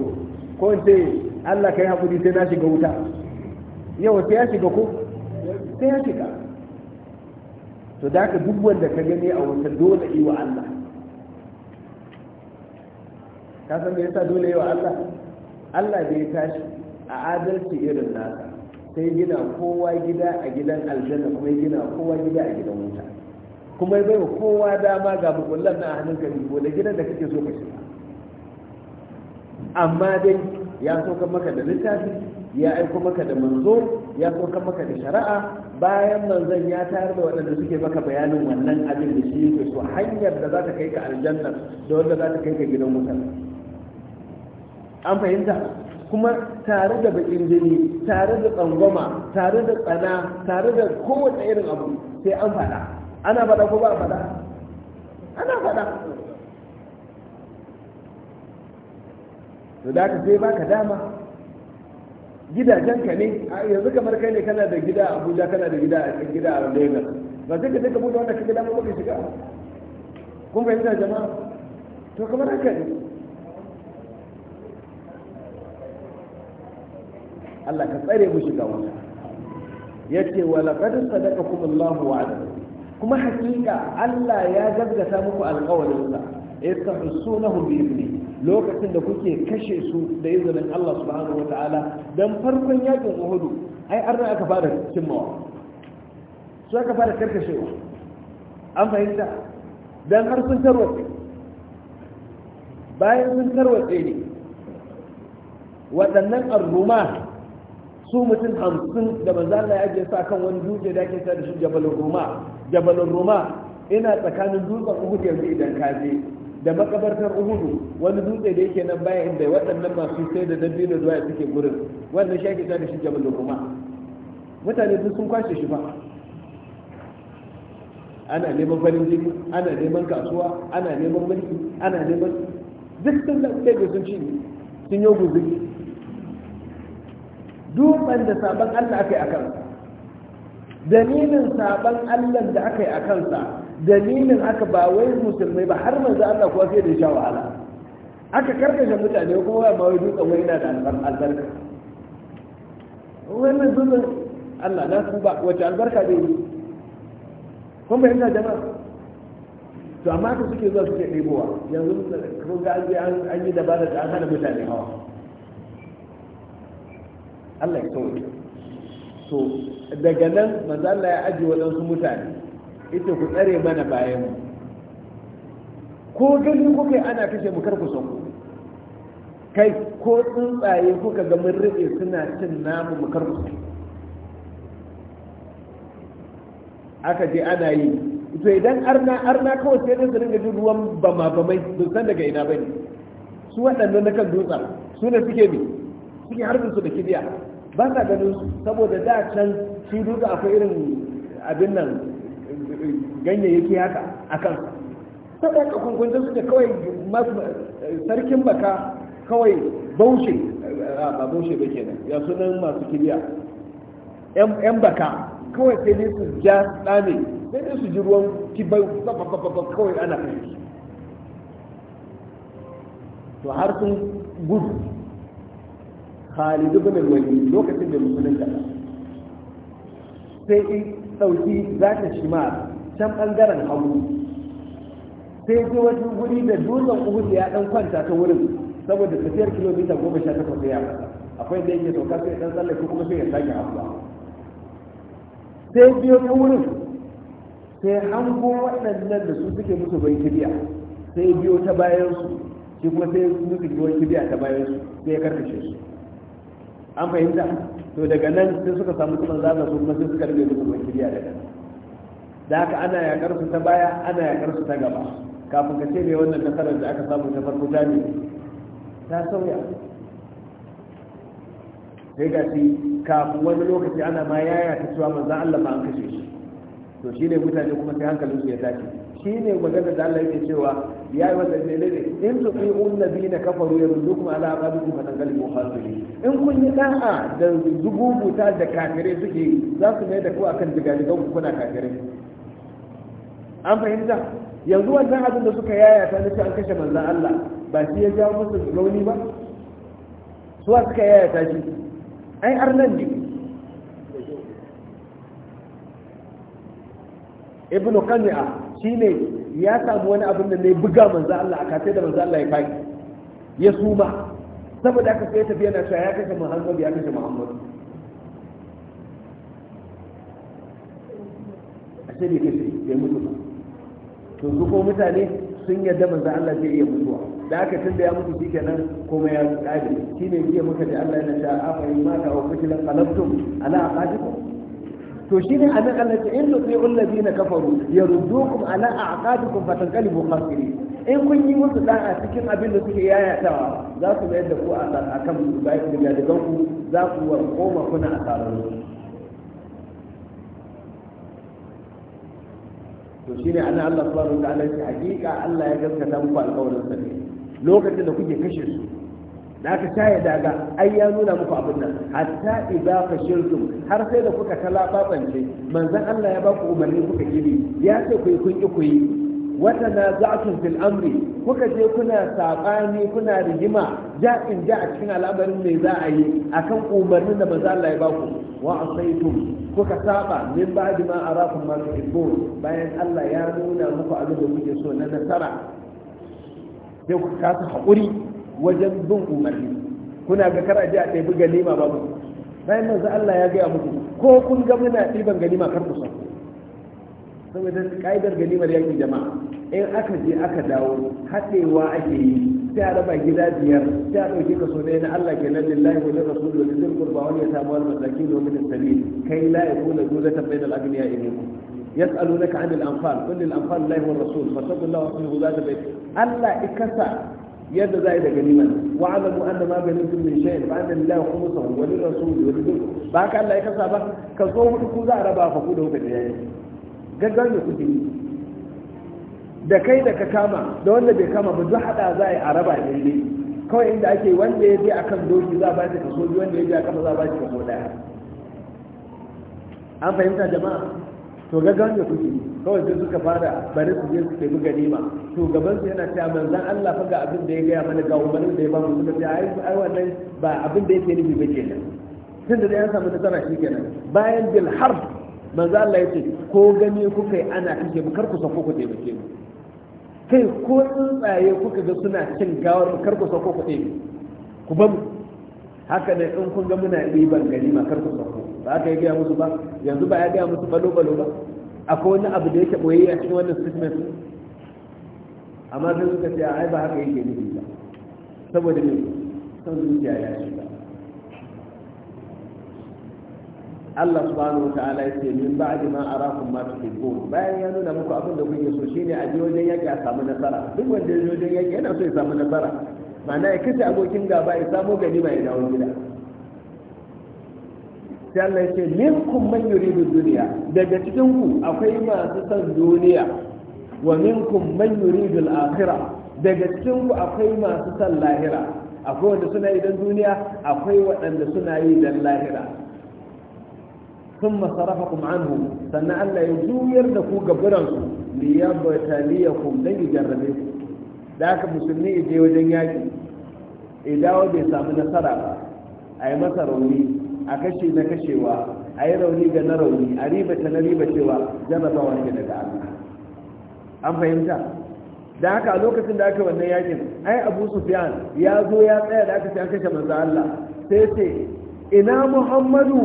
ko sai Allah ka yi hakuri sai na shiga wuta yau sai ya shiga ko sai ya shiga to da ka duk wanda ka gani a wata dole yi wa Allah ka san me yasa dole yi wa Allah Allah da ya tashi a adalci irin nasa sai gina kowa gida a gidan aljanna kuma gina kowa gida a gidan wuta kuma ya baiwa kowa dama ga bukullan na hannun ka ko da gidan da kake so ka shiga amma dai ya saukar maka da littafi ya aiko maka da manzo ya saukar maka da shari'a bayan manzon ya tayar da waɗanda suke maka bayanin wannan abin da shi yake so hanyar da za ta kai ka aljanna da wanda za ta kai ka gidan wutar an fahimta kuma tare da bakin jini tare da tsangwama tare da tsana tare da kowace irin abu sai an faɗa ana faɗa ko ba a faɗa ana faɗa to da ka sai baka dama gidajenka ne yanzu kamar kai ne kana da gida a abuja kana da gida a gida a lagos ba sai ka je ka buɗe wanda kake dama ka shiga kun fahimta jama'a to kamar haka ne Allah ka tsare mu shiga ya yace wa laqad sadaqakum Allahu wa'ada kuma hakika Allah ya gaggata muku alƙawarinsa yastahusunahu bi ibni lokacin da kuke kashe su da izinin Allah subhanahu ta'ala don farkon yakin Uhud ai arna aka fara cimmawa su aka fara karkashewa an fahimta dan har sun tarwatse bayan sun tarwatse ne waɗannan arruma su mutum hamsin da manzo Allah ya ajiye sa kan wani dutse da ake sa da shi Jabal Ruma Jabal Ruma ina tsakanin dutsen Uhud yanzu idan ka je da makabartar uhudu wani dutse da yake nan baya inda waɗannan masu sai da dabino da waya suke gurin wannan shaki ta da shi da kuma mutane duk sun kwashe shi ba ana neman farin jini ana neman kasuwa ana neman mulki ana neman duk sun da sun ci sun yi guzuri Dukkan da sabon Allah aka yi a kansa dalilin sabon Allah da aka yi a kansa dalilin aka ba wai musulmai ba har manzo Allah kuwa sai da sha wahala aka karkashe mutane kuma ba wai dutsen wani ina da albarka wannan dutsen Allah na su ba wace albarka dai yi kuma yana jama'a to amma ka suke zuwa suke ɗebowa yanzu kun ga an yi dabara da an hana mutane hawa Allah ya kawai to daga nan manzo Allah ya aji waɗansu mutane ita ku tsare mana bayan ko gani kuka yi ana kashe mu kar ku kai ko tsuntsaye kuka ga mun rike suna cin namu mu kar ku aka je ana yi to idan arna arna kawai sai dai ringa jin ruwan bama bamai sun san daga ina bane su waɗannan na kan dutsen su ne suke bi suke harbin su da kibiya ba sa ganin saboda da can shi dutse akwai irin abin nan ganyayyaki haka a kan saboda kunkuncin su da kawai sarkin baka kawai baushe ba baushe ba kenan ya sunan masu kiriya yan baka kawai sai ne su ja tsane sai ne su ji ruwan kibai kawai ana kai to har sun gudu Khalid ibn al lokacin da musulunta sai in dauki zata shimar can ɓangaren hagu sai je wani guri da dutsen uhud ya ɗan kwanta ta wurin saboda tafiyar kilomita goma sha takwas ya fasa akwai da yake sauka sai ɗan tsallake kuma sai ya sake hawa sai biyo ta wurin sai hango waɗannan da su suke musu ban kibiya sai biyo ta bayan su shi kuma sai musu ban kibiya ta bayan su sai ya karkashe su an fahimta to daga nan sai suka samu kuma zaga su kuma sai suka rage musu ban kibiya daga nan da haka ana yakar su ta baya ana yakar su ta gaba kafin ka ce mai wannan nasarar da aka samu ta farko ta ta sauya sai ga shi kafin wani lokaci ana ma yaya ta cewa manzan Allah ma an kashe shi to shine mutane kuma sai hankalin su ya tashi shine magana da Allah yake cewa ya yi wata ne ne in su fi unnabi na kafaru ya rundu kuma ala abadu kuma dan galibu hasiri in kun yi da'a da zugubuta da kafirai suke za su mai da ku kan digadigan ku kuna kafirai an fahimta yanzu wannan abin da suka yaya ta nufi an kashe manzan Allah ba shi ya jawo musu rauni ba su suka yaya ta shi ai arnan ne ibn qami'a shine ya samu wani abin da ne buga manzan Allah aka sai da manzan Allah ya faki ya suma saboda aka sai tafiya na cewa ya kashe Muhammad ya kashe Muhammad a sai kashe bai mutu ba to duk ko mutane sun yarda manzo Allah zai iya mutuwa da aka tunda ya mutu shikenan kuma ya Shi shine jiya muka ji Allah yana ta afa in mata wa kutila qalabtum ala aqabikum to shine anan Allah ta in tuti alladhina kafaru yaruddukum ala aqabikum fatanqalibu khasirin in kun yi musu da a cikin abin da suke yayatawa za su mayar da ku a kan bayan da ku za ku koma kuna a tsararru to ne ana Allah subhanahu wa ta'ala shi hakika Allah ya gaskata muku alƙawarin sa lokacin da kuke kashe su da aka shaye daga ai ya nuna muku abin nan hatta idza fashiltum har sai da kuka talababance manzon Allah ya baku umarni kuka gidi ya ce ku yi kun ki ku yi wata na za'atun fil amri kuka je kuna sabani kuna rigima ja in ja a cikin al'amarin me za a yi akan umarnin da manzon Allah ya baku wa asaitum kuka saba min ba'di ma arakum ma tuhibbun bayan Allah ya nuna muku abin da kuke so na nasara sai ku kasa haƙuri wajen bin umarni kuna ga kar a ji a ɗebi ganima ba mu bayan manzo Allah ya gaya muku ko kun ga muna ɗiban ganima kar ku san saboda ka'idar ganimar yakin jama'a in aka je aka dawo haɗewa ake yi sai a raba gida biyar sai a ɗauki kaso ɗaya na Allah ke nan lillahi wa lirrasul wa lidil qurba wa yatama wal wani wa min as-sabil kai la yakuna dulatan bayna al-aghniya ilaykum yas'alunaka 'an al-anfal qul lil anfal lillahi wa rasul fattaqullaha wa aqlihu zata bayt Allah ikasa yadda za yi da ganima wa alamu anna ma ganimtum min shay'in fa anna lillahi khumsahu wa lirrasul wa lidil ba ka Allah ikasa ba Ka zo hudu ku za a raba fa ku da kuka da yayi gaggawa ne kuke da kai da ka kama da wanda bai kama ba duk hada za a yi a raba daidai kawai inda ake wanda ya je kan doki za a ba shi ka soji wanda ya je a kama za a ba shi kaso daya an fahimta jama'a to ga gaggawan da kuke kawai sai suka fara bari su je su ke buga nima to gaban su yana cewa zan Allah fa ga abin da ya gaya mana ga umarnin da ya ba mu suka ce ai ai wannan ba abin da yake nufi ba kenan tunda da an samu tsara shi kenan bayan bil harb manzon Allah yace ko gani kuka yi ana kike mu kar ku sako ku taimake mu kai ko tsuntsaye kuka ga suna cin gawar kar ku sauko ku ɗebe ku bamu haka ne in kun ga muna ɗiban ma kar ku sauko ba aka yi gaya musu ba yanzu ba ya gaya musu balo balo ba akwai wani abu da yake ɓoye a cikin wannan statement amma sai suka ce ai ba haka yake nufi ba saboda ne son zuciya ya shiga Allah subhanahu wa ta'ala ya ce min ba'di ma arakum ma tuhibbun bayan ya nuna muku abin da kuke so shine a je wajen a samu nasara duk wanda ya wajen yake yana so ya samu nasara ma'ana ya kace abokin gaba ya samu ba ya dawo gida sai Allah ya ce kum man yuridu dunya daga cikin ku akwai masu son duniya wa kum man yuridu al-akhirah daga cikin ku akwai masu son lahira akwai wanda suna yi don duniya akwai waɗanda suna yi don lahira ثم صرفكم عنه سنة ألا يجوير دكو قبرنكم ليبتليكم لن يجربكم ذاك مسلمي يجي وجن ياجي إذا ودي سامنا صرفا أي مسا روني أكشي نكشيوا أي روني جنا روني أريبة نريبة شوا جنة وانجي نتعلم أم فهمتا da haka a lokacin da aka wannan yakin ai abu sufyan ya zo ya tsaya da aka ce an kashe manzo Allah sai ce ina muhammadu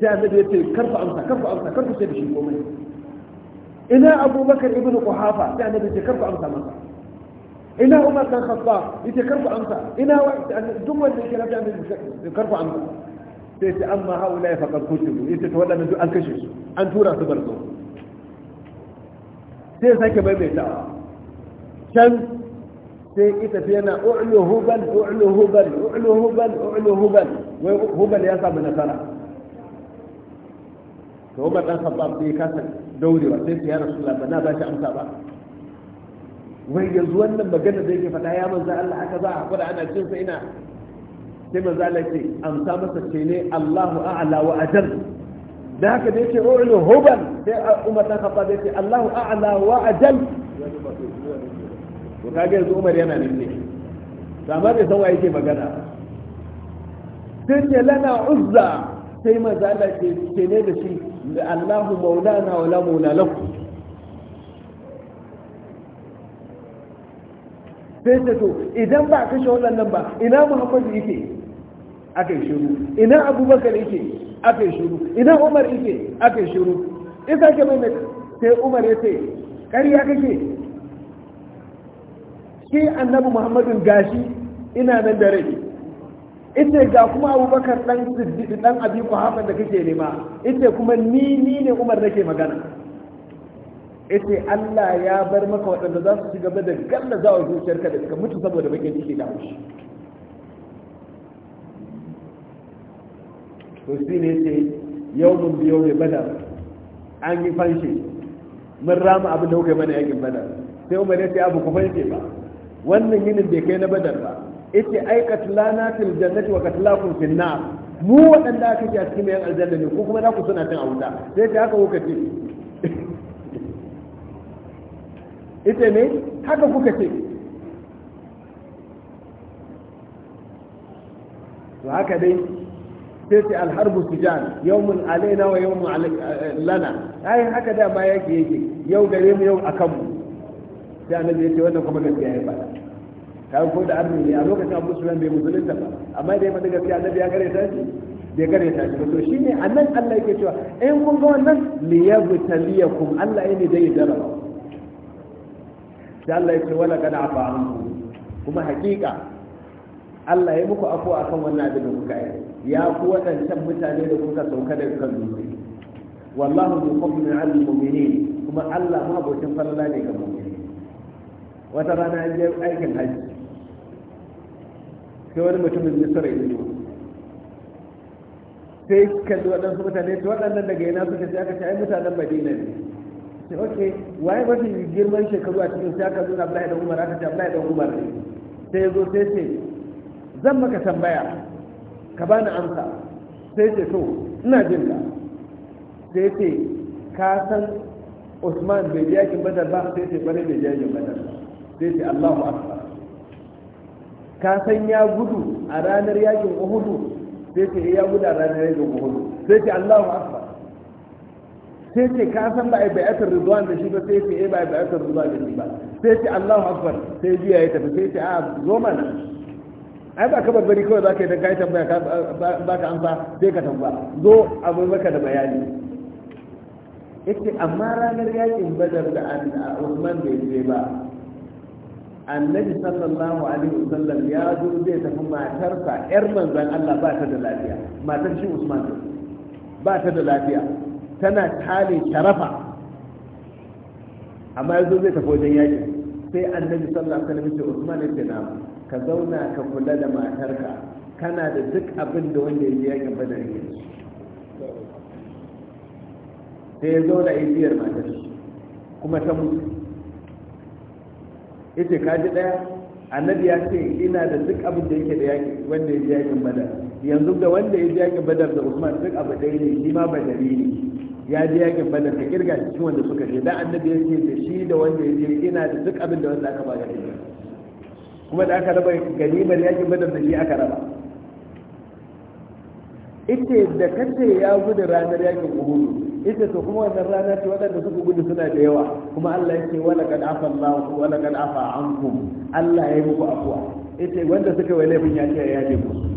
sai annabi ya ce karfa amsa karfa amsa karfa ce da shi komai ina abubakar ibnu quhafa sai annabi ya ce amsa masa ina umar dan khattab yace karfa amsa ina duk wanda yake na annabi karfa amsa sai ce amma haula ya faqad kutibu yace to wadannan duk an kashe su an tura su barzo sai ya sake maimaitawa can sai ita tafi yana u'lu hubal u'lu hubal hubal wai hubal ya samu nasara to Umar dan kasa daurewa sai ya ba na ba shi amsa ba wai yanzu wannan magana da yake faɗa ya manzo Allah haka za a hakura ana cin sa ina sai manzo Allah ce amsa masa ce ne Allahu a'la wa ajal da haka da yake ru'ulu oh, huban sai Umar dan Khattab yake Allahu a'la wa ajal to kage yanzu Umar yana nan ne amma bai san wa yake magana sai ce lana uzza sai manzo Allah ce ne da shi Allahu maulana la maula lakum sai ta to idan ba kashe wannan ba ina Muhammadu yake aka shiru ina Abubakar yake aka shiru ina Umar yake aka shiru in sake mai sai Umar ya ce ƙarya kake shi annabi Muhammadun gashi ina nan da rai ita ga kuma abubakar dan siddiq dan abi muhammad da kake nema ita kuma ni ni ne umar nake magana ita Allah ya bar maka waɗanda za su ci gaba da galla za a shirka da suka mutu saboda bakin ciki da shi to shi ne ce yau mun biyo mai badar an yi fanshi mun rama abin da kuka mana yakin badar sai umar ya ce abu ku fanshe ba wannan yinin bai kai na badar ba ita ai katlana fil jannati wa katlakum fil nar mu waɗanda aka ce a cikin yan aljanna ne ko kuma na ku suna cin a wuta sai ta haka kuka ce ita ne haka kuka ce to haka dai sai ce alharbu sujan yawmun alaina wa yawmun lana ai haka da ma yake yake yau gare mu yau akan mu sai annabi yace wannan kuma gaskiya ya ba. kawo ko da arni ne a lokacin abu sulan bai musulunta ba amma dai mata gaskiya annabi ya gare ta shi bai gare ta shi to shine a nan Allah yake cewa in kun ga wannan liyabtaliyakum Allah ne dai dara. sai Allah yake wala kada afa anku kuma hakika Allah ya muku afwa akan wannan abin da kuka yi ya ku wadancan mutane da kuka sauka daga kan dutse wallahu bi fadlin 'alal mu'minin kuma Allah ma bautin falla ne ga mu'mini wata rana an je aikin hajji sai wani mutumin misira ido fito sai kalli waɗansu mutane su waɗannan daga yana suka sai aka ce ai mutanen madina ne sai ok waye mafi girman shekaru a cikin sai aka zo na abdullahi da umar aka ce abdullahi da umar ne sai zo sai ce zan maka tambaya ka bani amsa sai ce to ina jin ka sai ce ka san usman bai ji yakin badar ba sai ce bare bai ji yakin badar sai ce allahu akbar ka san ya gudu a ranar yakin uhudu sai ce eh, ya gudu a ranar yakin uhudu sai ce allahu akbar sai ce ka san ba a yi bayatar rizwan da shi ba sai ce eh, ba a yi bayatar rizwan da shi ba sai ce allahu akbar sai juya ya tafi sai ce a ah, zo mana ai ba ka bari kawai za ka yi da kai tambaya ba ka amsa sai ka tamba zo abin maka da bayani yake amma ranar yakin badar da usman bai je ba annabi sallallahu alaihi wasallam ya zo zai tafi matarsa yar manzan Allah ba ta da lafiya matar shi Usman ba ta da lafiya tana tale sharafa amma yanzu zai tafi wajen yaki sai annabi sallallahu alaihi wasallam ya ce Usman ya na ka zauna ka kula da matarka kana da duk abin da wanda ya yaki yakin badar ya sai ya zauna ya biyar matar kuma ta mutu yace ka ji daya annabi ya ce ina da duk abin da yake da yaki wanda ya ji yakin badar yanzu da wanda ya ji yakin badar da usman duk abu ɗaya ne shi ma badari ne ya ji yakin badar ka kirga cikin wanda suka je dan annabi ya ce da shi da wanda ya ji ina da duk abin da wanda aka ba ga kuma da aka raba ganimar yakin badar da shi aka raba ita da kace ya gudu ranar yakin uhudu ita to kuma wannan rana ce waɗanda suka gudu suna da yawa kuma Allah yake wala kad afa Allah wala kad afa ankum Allah ya yi muku afwa ita wanda suka wale laifin ya ce ya yi musu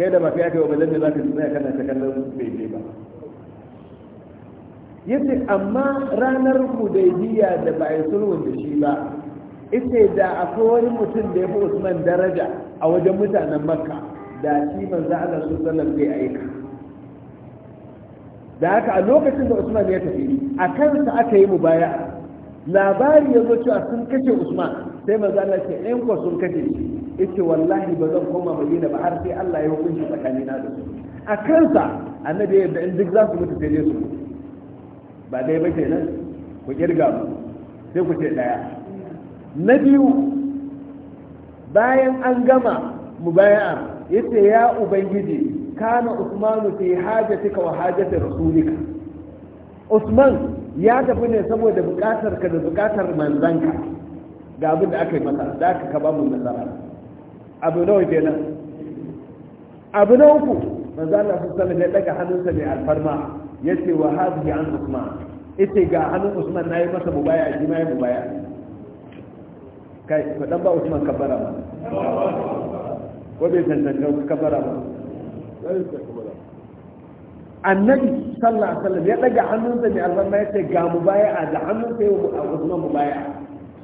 kai da kai yake wajen da zaka tsaya kana ta kallon bai je ba yace amma ranar ku da da ba yi sulhu da shi ba ita da akwai wani mutum da ya fi Usman daraja a wajen mutanen Makka da shi manzo Allah sallallahu alaihi wasallam bai aika da haka a lokacin da usman ya tafi a kansa aka yi mubaya labari ya zo cewa sun kashe usman sai manzo Allah ce in ko sun kashe shi yace wallahi ba zan koma madina ba har sai Allah ya hukunci na da su a kansa annabi ya in duk za su mutu sai su ba dai ba kenan ku kirga mu sai ku ce daya na biyu bayan an gama mubaya'a yace ya ubangiji kana usmanu fi hajatika wa hajati rasulika usman ya tafi ne saboda bukatar ka da bukatar manzanka ga abin da aka yi masa da aka ka ba mu nasara abu nawa kenan abu na uku manzo Allah sallallahu alaihi ya daga hannunsa mai alfarma yace wa hadhihi an usman ita ga hannun usman nayi masa mubaya shi ma ya mubaya kai ka dan ba usman kabbara ba ko bai tantance kabbara ba annabi sallallahu alaihi wasallam ya daga hannunsa ne alfarma ya ce ga mubaya'a da hannunsa ya wa Usman mubaya'a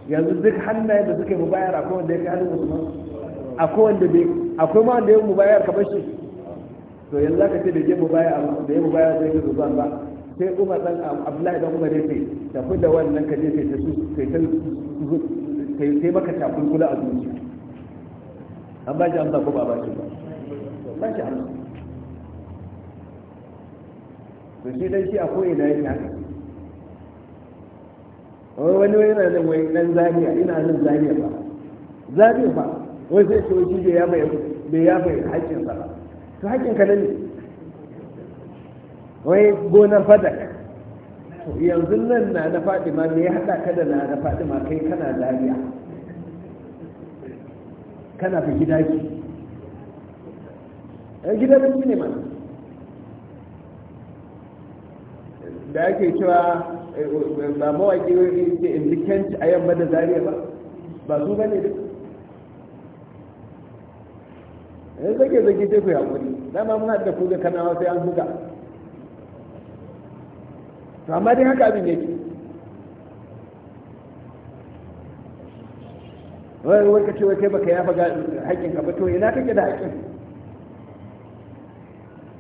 yanzu duk hannayen da suka yi mubayar akwai wanda ya kai hannun Usman akwai wanda bai akwai ma wanda ya mu mubayar ka bashi. to yanzu zaka ce da ya mu mubayar da ya mubayar sai ka zuba ba sai Umar dan Abdullahi dan Umar ya ce tafi da wannan ka je kai ta su kai ta kai kai maka takunkula a zuciya an ba shi amsa ko ba ba shi ba ba shi amsa to shi dan shi a ko'ina yake haka wai wani yana nan wai dan zaniya ina nan zaniya ba zaniya ba wai sai to shi bai yafa bai yafa haƙƙin sa ba to haƙƙin ka ne wai gonar fadak yanzu nan na na fadima me ya haɗa ka da na na fadima kai kana zaniya kana fi gida ki gidan ne mana da ake cewa eh, ba mawaƙi wani ke kent a yamma da zariya ba ba su bane duk yanzu eh, zake zage teku ku kuri dama muna da kuga kanawa sai an buga to amma dai haka abin yake wani wai cewa kai baka yafa ga haƙƙin ka ba to ina kake da haƙƙin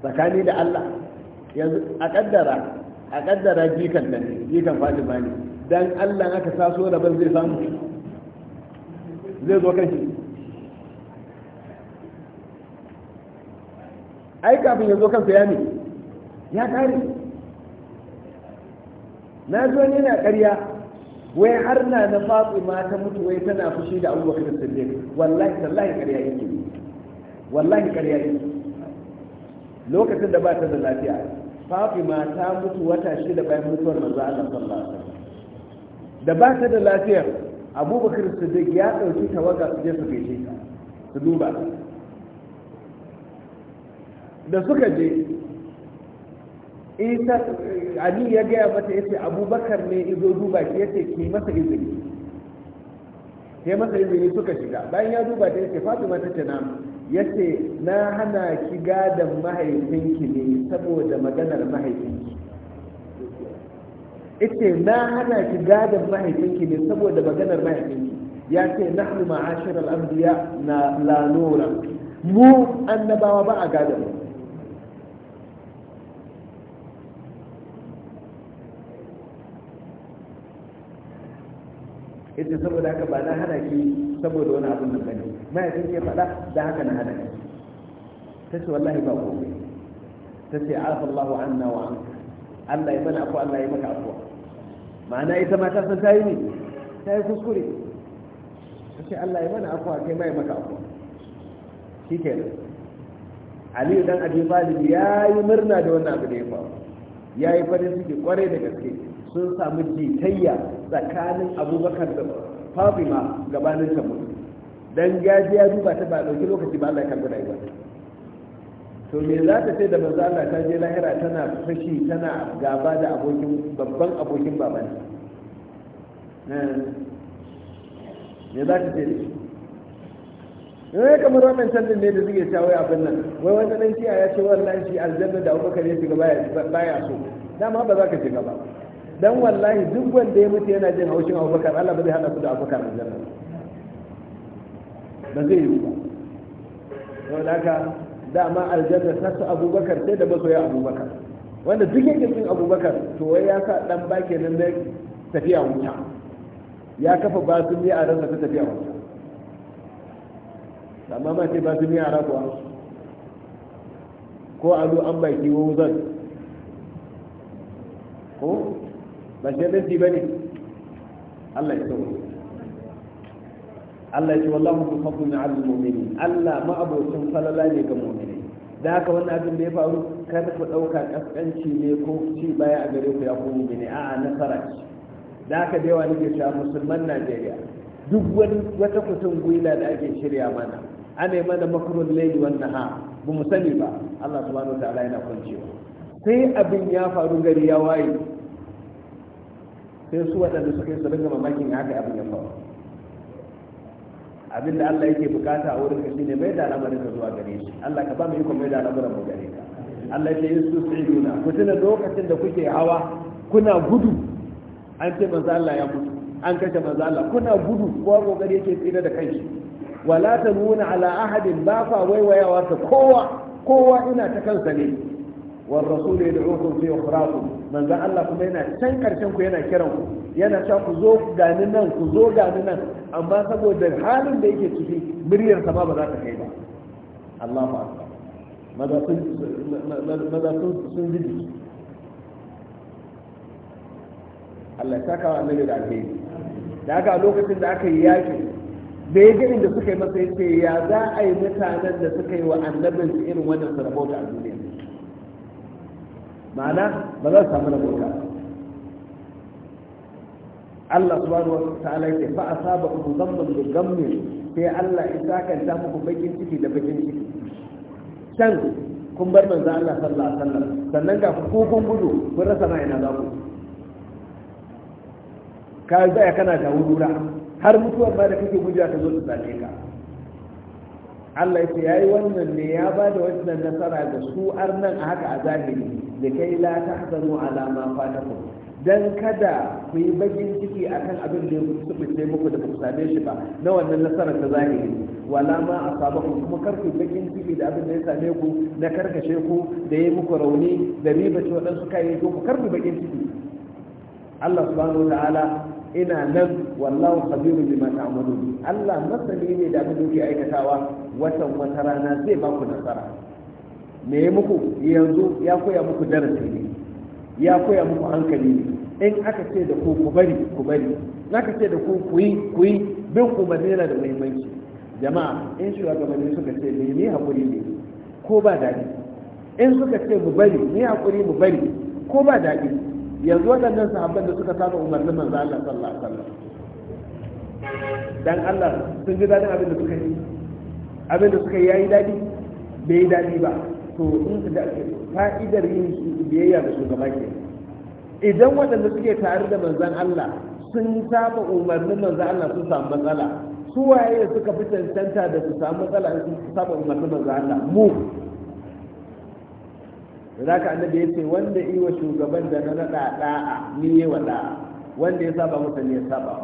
tsakani da Allah yanzu a ƙaddara a kaddara jikan nan jikan fatima ne dan allah aka taso rabon zai samu zai zo kan shi ai kafin ya zo kansa ya ne ya kare na zo ne na karya wai har na na fatima ta mutu wai tana fushi da abubakar siddiq wallahi tallahi karya yake wallahi karya yake lokacin da ba ta da lafiya fatima ta mutu wata shi da bayan mutuwar manzo Allah sallallahu alaihi da ba ta da lafiyar abubakar siddiq ya dauki tawaga su je su gaishe ta su duba da suka je isa ali ya gaya mata yace abubakar ne izo duba ki yace ki masa izini sai masa izini suka shiga bayan ya duba ta yace fatima ta ce na yace na hana ki gadon mahaifinki ne saboda maganar mahaifinki ita na hana ki gadon mahaifinki ne saboda maganar mahaifinki ya ce nahnu ma'ashir anbiya na lanura mu annabawa ba a gadon mu yace saboda haka ba na hana ki saboda wani abin da bane mahaifin ke faɗa da haka na hana ki ta ce wallahi ba komai ta ce afa Allahu anna wa anka Allah ya mana afuwa Allah ya maka afuwa ma'ana ita ma ta san ta yi ne ta yi kuskure ta ce Allah ya mana afuwa kai ma ya maka afuwa shi nan, Aliyu dan Abi Talib ya yi murna da wannan abu da ya faru ya yi farin ciki kwarai da gaske sun samu jitayya tsakanin abubakar da ma gabanin ta don gaji ya duba ta ba ɗauki lokaci ba Allah ya karbi rayuwa to me za ta ce da manzo Allah ta je lahira tana fashi tana gaba da abokin babban abokin baban eh. me za ta ce da shi ne eh, kamar wannan canjin ne da suke cewa abin nan wai wani dan kiyaye ya ce wallahi shi aljanna da abubakar ya shiga baya so dama ba za ka shiga ba dan wallahi duk wanda ya mutu yana jin haushin abubakar Allah ba zai hada su da abubakar aljanna ba zai yi ba saboda haka dama aljanna ta abubakar sai da masoya abubakar wanda duk yake cin abubakar to wai ya sa dan ba kenan da tafiya wuta ya kafa basu ne a ransa ta tafiya wuta amma ma ce basu ne a rakuwa ko a zo an baki wuzan ko ba shaidanci ba ne Allah ya tsoro Allah ya ce wallahu bi fadlin 'ala al-mu'minin Allah ma abokin falala ne ga mu'mini da haka wannan abin da ya faru kada ku dauka kaskanci ne ko ci baya a gare ku ya ku a a nasara ce da haka da yawa nake cewa musulman Najeriya duk wani wata kusan gwila da ake shirya mana ana yi mana makarun laili wannan ha ba mu sani ba Allah subhanahu wa ta'ala yana kwancewa sai abin ya faru gari ya waye sai su waɗanda su yi su dinga mamakin haka abin ya faru abin da Allah yake bukata a wurin kashi ne mai da al'amarin ka zuwa gare shi Allah ka ba mu ikon mai da al'amarin mu gare ka Allah ya yi su tsiduna ku tuna lokacin da kuke hawa kuna gudu an ce manzo Allah ya mutu an kashe manzo Allah kuna gudu kowa kokari yake tsira da kai wala tanuna ala ahadin ba fa waiwayawa ta kowa kowa ina ta kansa ne والرسول يدعوكم في أخراكم من ذا الله كما ينا تنكر شنكو ينا كرمكو ينا شاكو زوك غاننان كو زوك غاننان أما سبو در حال دا يكي تشي مرير سما بدا تخيبا الله أكبر ماذا سن ماذا سن سن جدي Allah ya saka wa annabi da alheri da haka a lokacin da aka yi yakin da ya da suka yi masa ya ce ya za a yi mutanen da suka yi wa annabin irin wannan sarabauta a duniya ma'ana ba za su samu bauta Allah subhanahu wa ta'ala yake a saba ku zamman da gamme sai Allah ya sakanta muku bakin ciki da bakin ciki can kun bar manzo Allah sallallahu alaihi wasallam sannan ga ku kun gudu kun rasa ma ina za ku ka zaya kana da wudura har mutuwar ma da kake gudu ta zo ta sace ka Allah ya yayi wannan ne ya ba da wannan nasara ga su arnan a haka a zahiri da kai la tahzanu ala ma fatakum dan kada ku yi bakin ciki akan abin da ya kusurce muku da ku same shi ba na wannan nasarar ta zahiri wala ma asabakum kuma kar ku bakin ciki da abin da ya same ku na karkashe ku da ya muku rauni da riba ce waɗansu kayayyaki ku kar ku bakin ciki Allah subhanahu wa ta'ala ina nan wallahu khabirun bima ta'malun Allah masani ne da abin da kuke aikatawa watan wata rana zai ba ku nasara me ya muku yanzu ya koya muku darasi ne ya koya muku hankali ne in aka ce da ku ku bari ku bari in aka ce da ku ku yi ku yi bin umarni yana da muhimmanci jama'a in shugabanni suka ce me ne hakuri ne ko ba daɗi in suka ce mu bari ni hakuri mu bari ko ba daɗi yanzu waɗannan sahabban da suka saba umarnin manzo Allah sallallahu alaihi wasallam dan Allah sun ji dadin abin da suka yi abin da suka yi yayi dadi bai yi dadi ba to in da fa'idar yin biyayya da shugaba ke idan waɗanda suke tare da manzon Allah sun saba umarnin manzo Allah sun samu matsala su waye suka fi cancanta da su samu matsala in sun saba umarnin manzo Allah mu da haka annabi ya ce wanda iwa shugaban da na naɗa ɗa'a ni yi wa ɗa'a wanda ya saba masa ne ya saba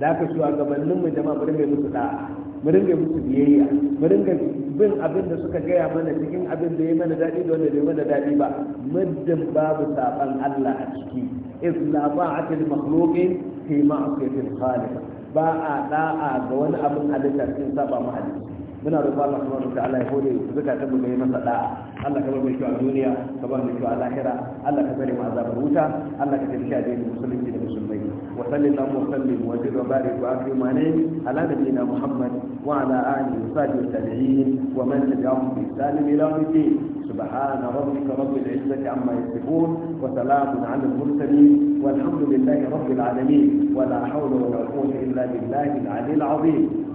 da shuwa gabanin mu jama'a mu ringa musu ɗa'a mu ringa musu biyayya mu ringa bin abin da suka gaya mana cikin abin da ya mana daɗi da wanda bai mana daɗi ba muddin babu saban Allah a ciki islama'atil makhluqin fi ma'siyatil khaliq ba a ɗa'a ga wani abin halitta cikin saba mu halitta muna roƙon Allah subhanahu wataala ya hore zakatun mu ga masa da'a Allah ka bar mu a duniya ka bar mu a lahira Allah ka bari mu azabar wuta Allah ka tafi a dinin musulunci da musulmai wa sallallahu wa sallim wa jid wa barik wa akrim alayhi ala nabiyyina Muhammad wa ala alihi wa sahbihi tabi'in wa man tabi'ahum bi ihsan ila yawm الدين سبحان ربك رب العزة عما يصفون وسلام على المرسلين والحمد لله رب العالمين ولا حول ولا قوة إلا بالله العلي العظيم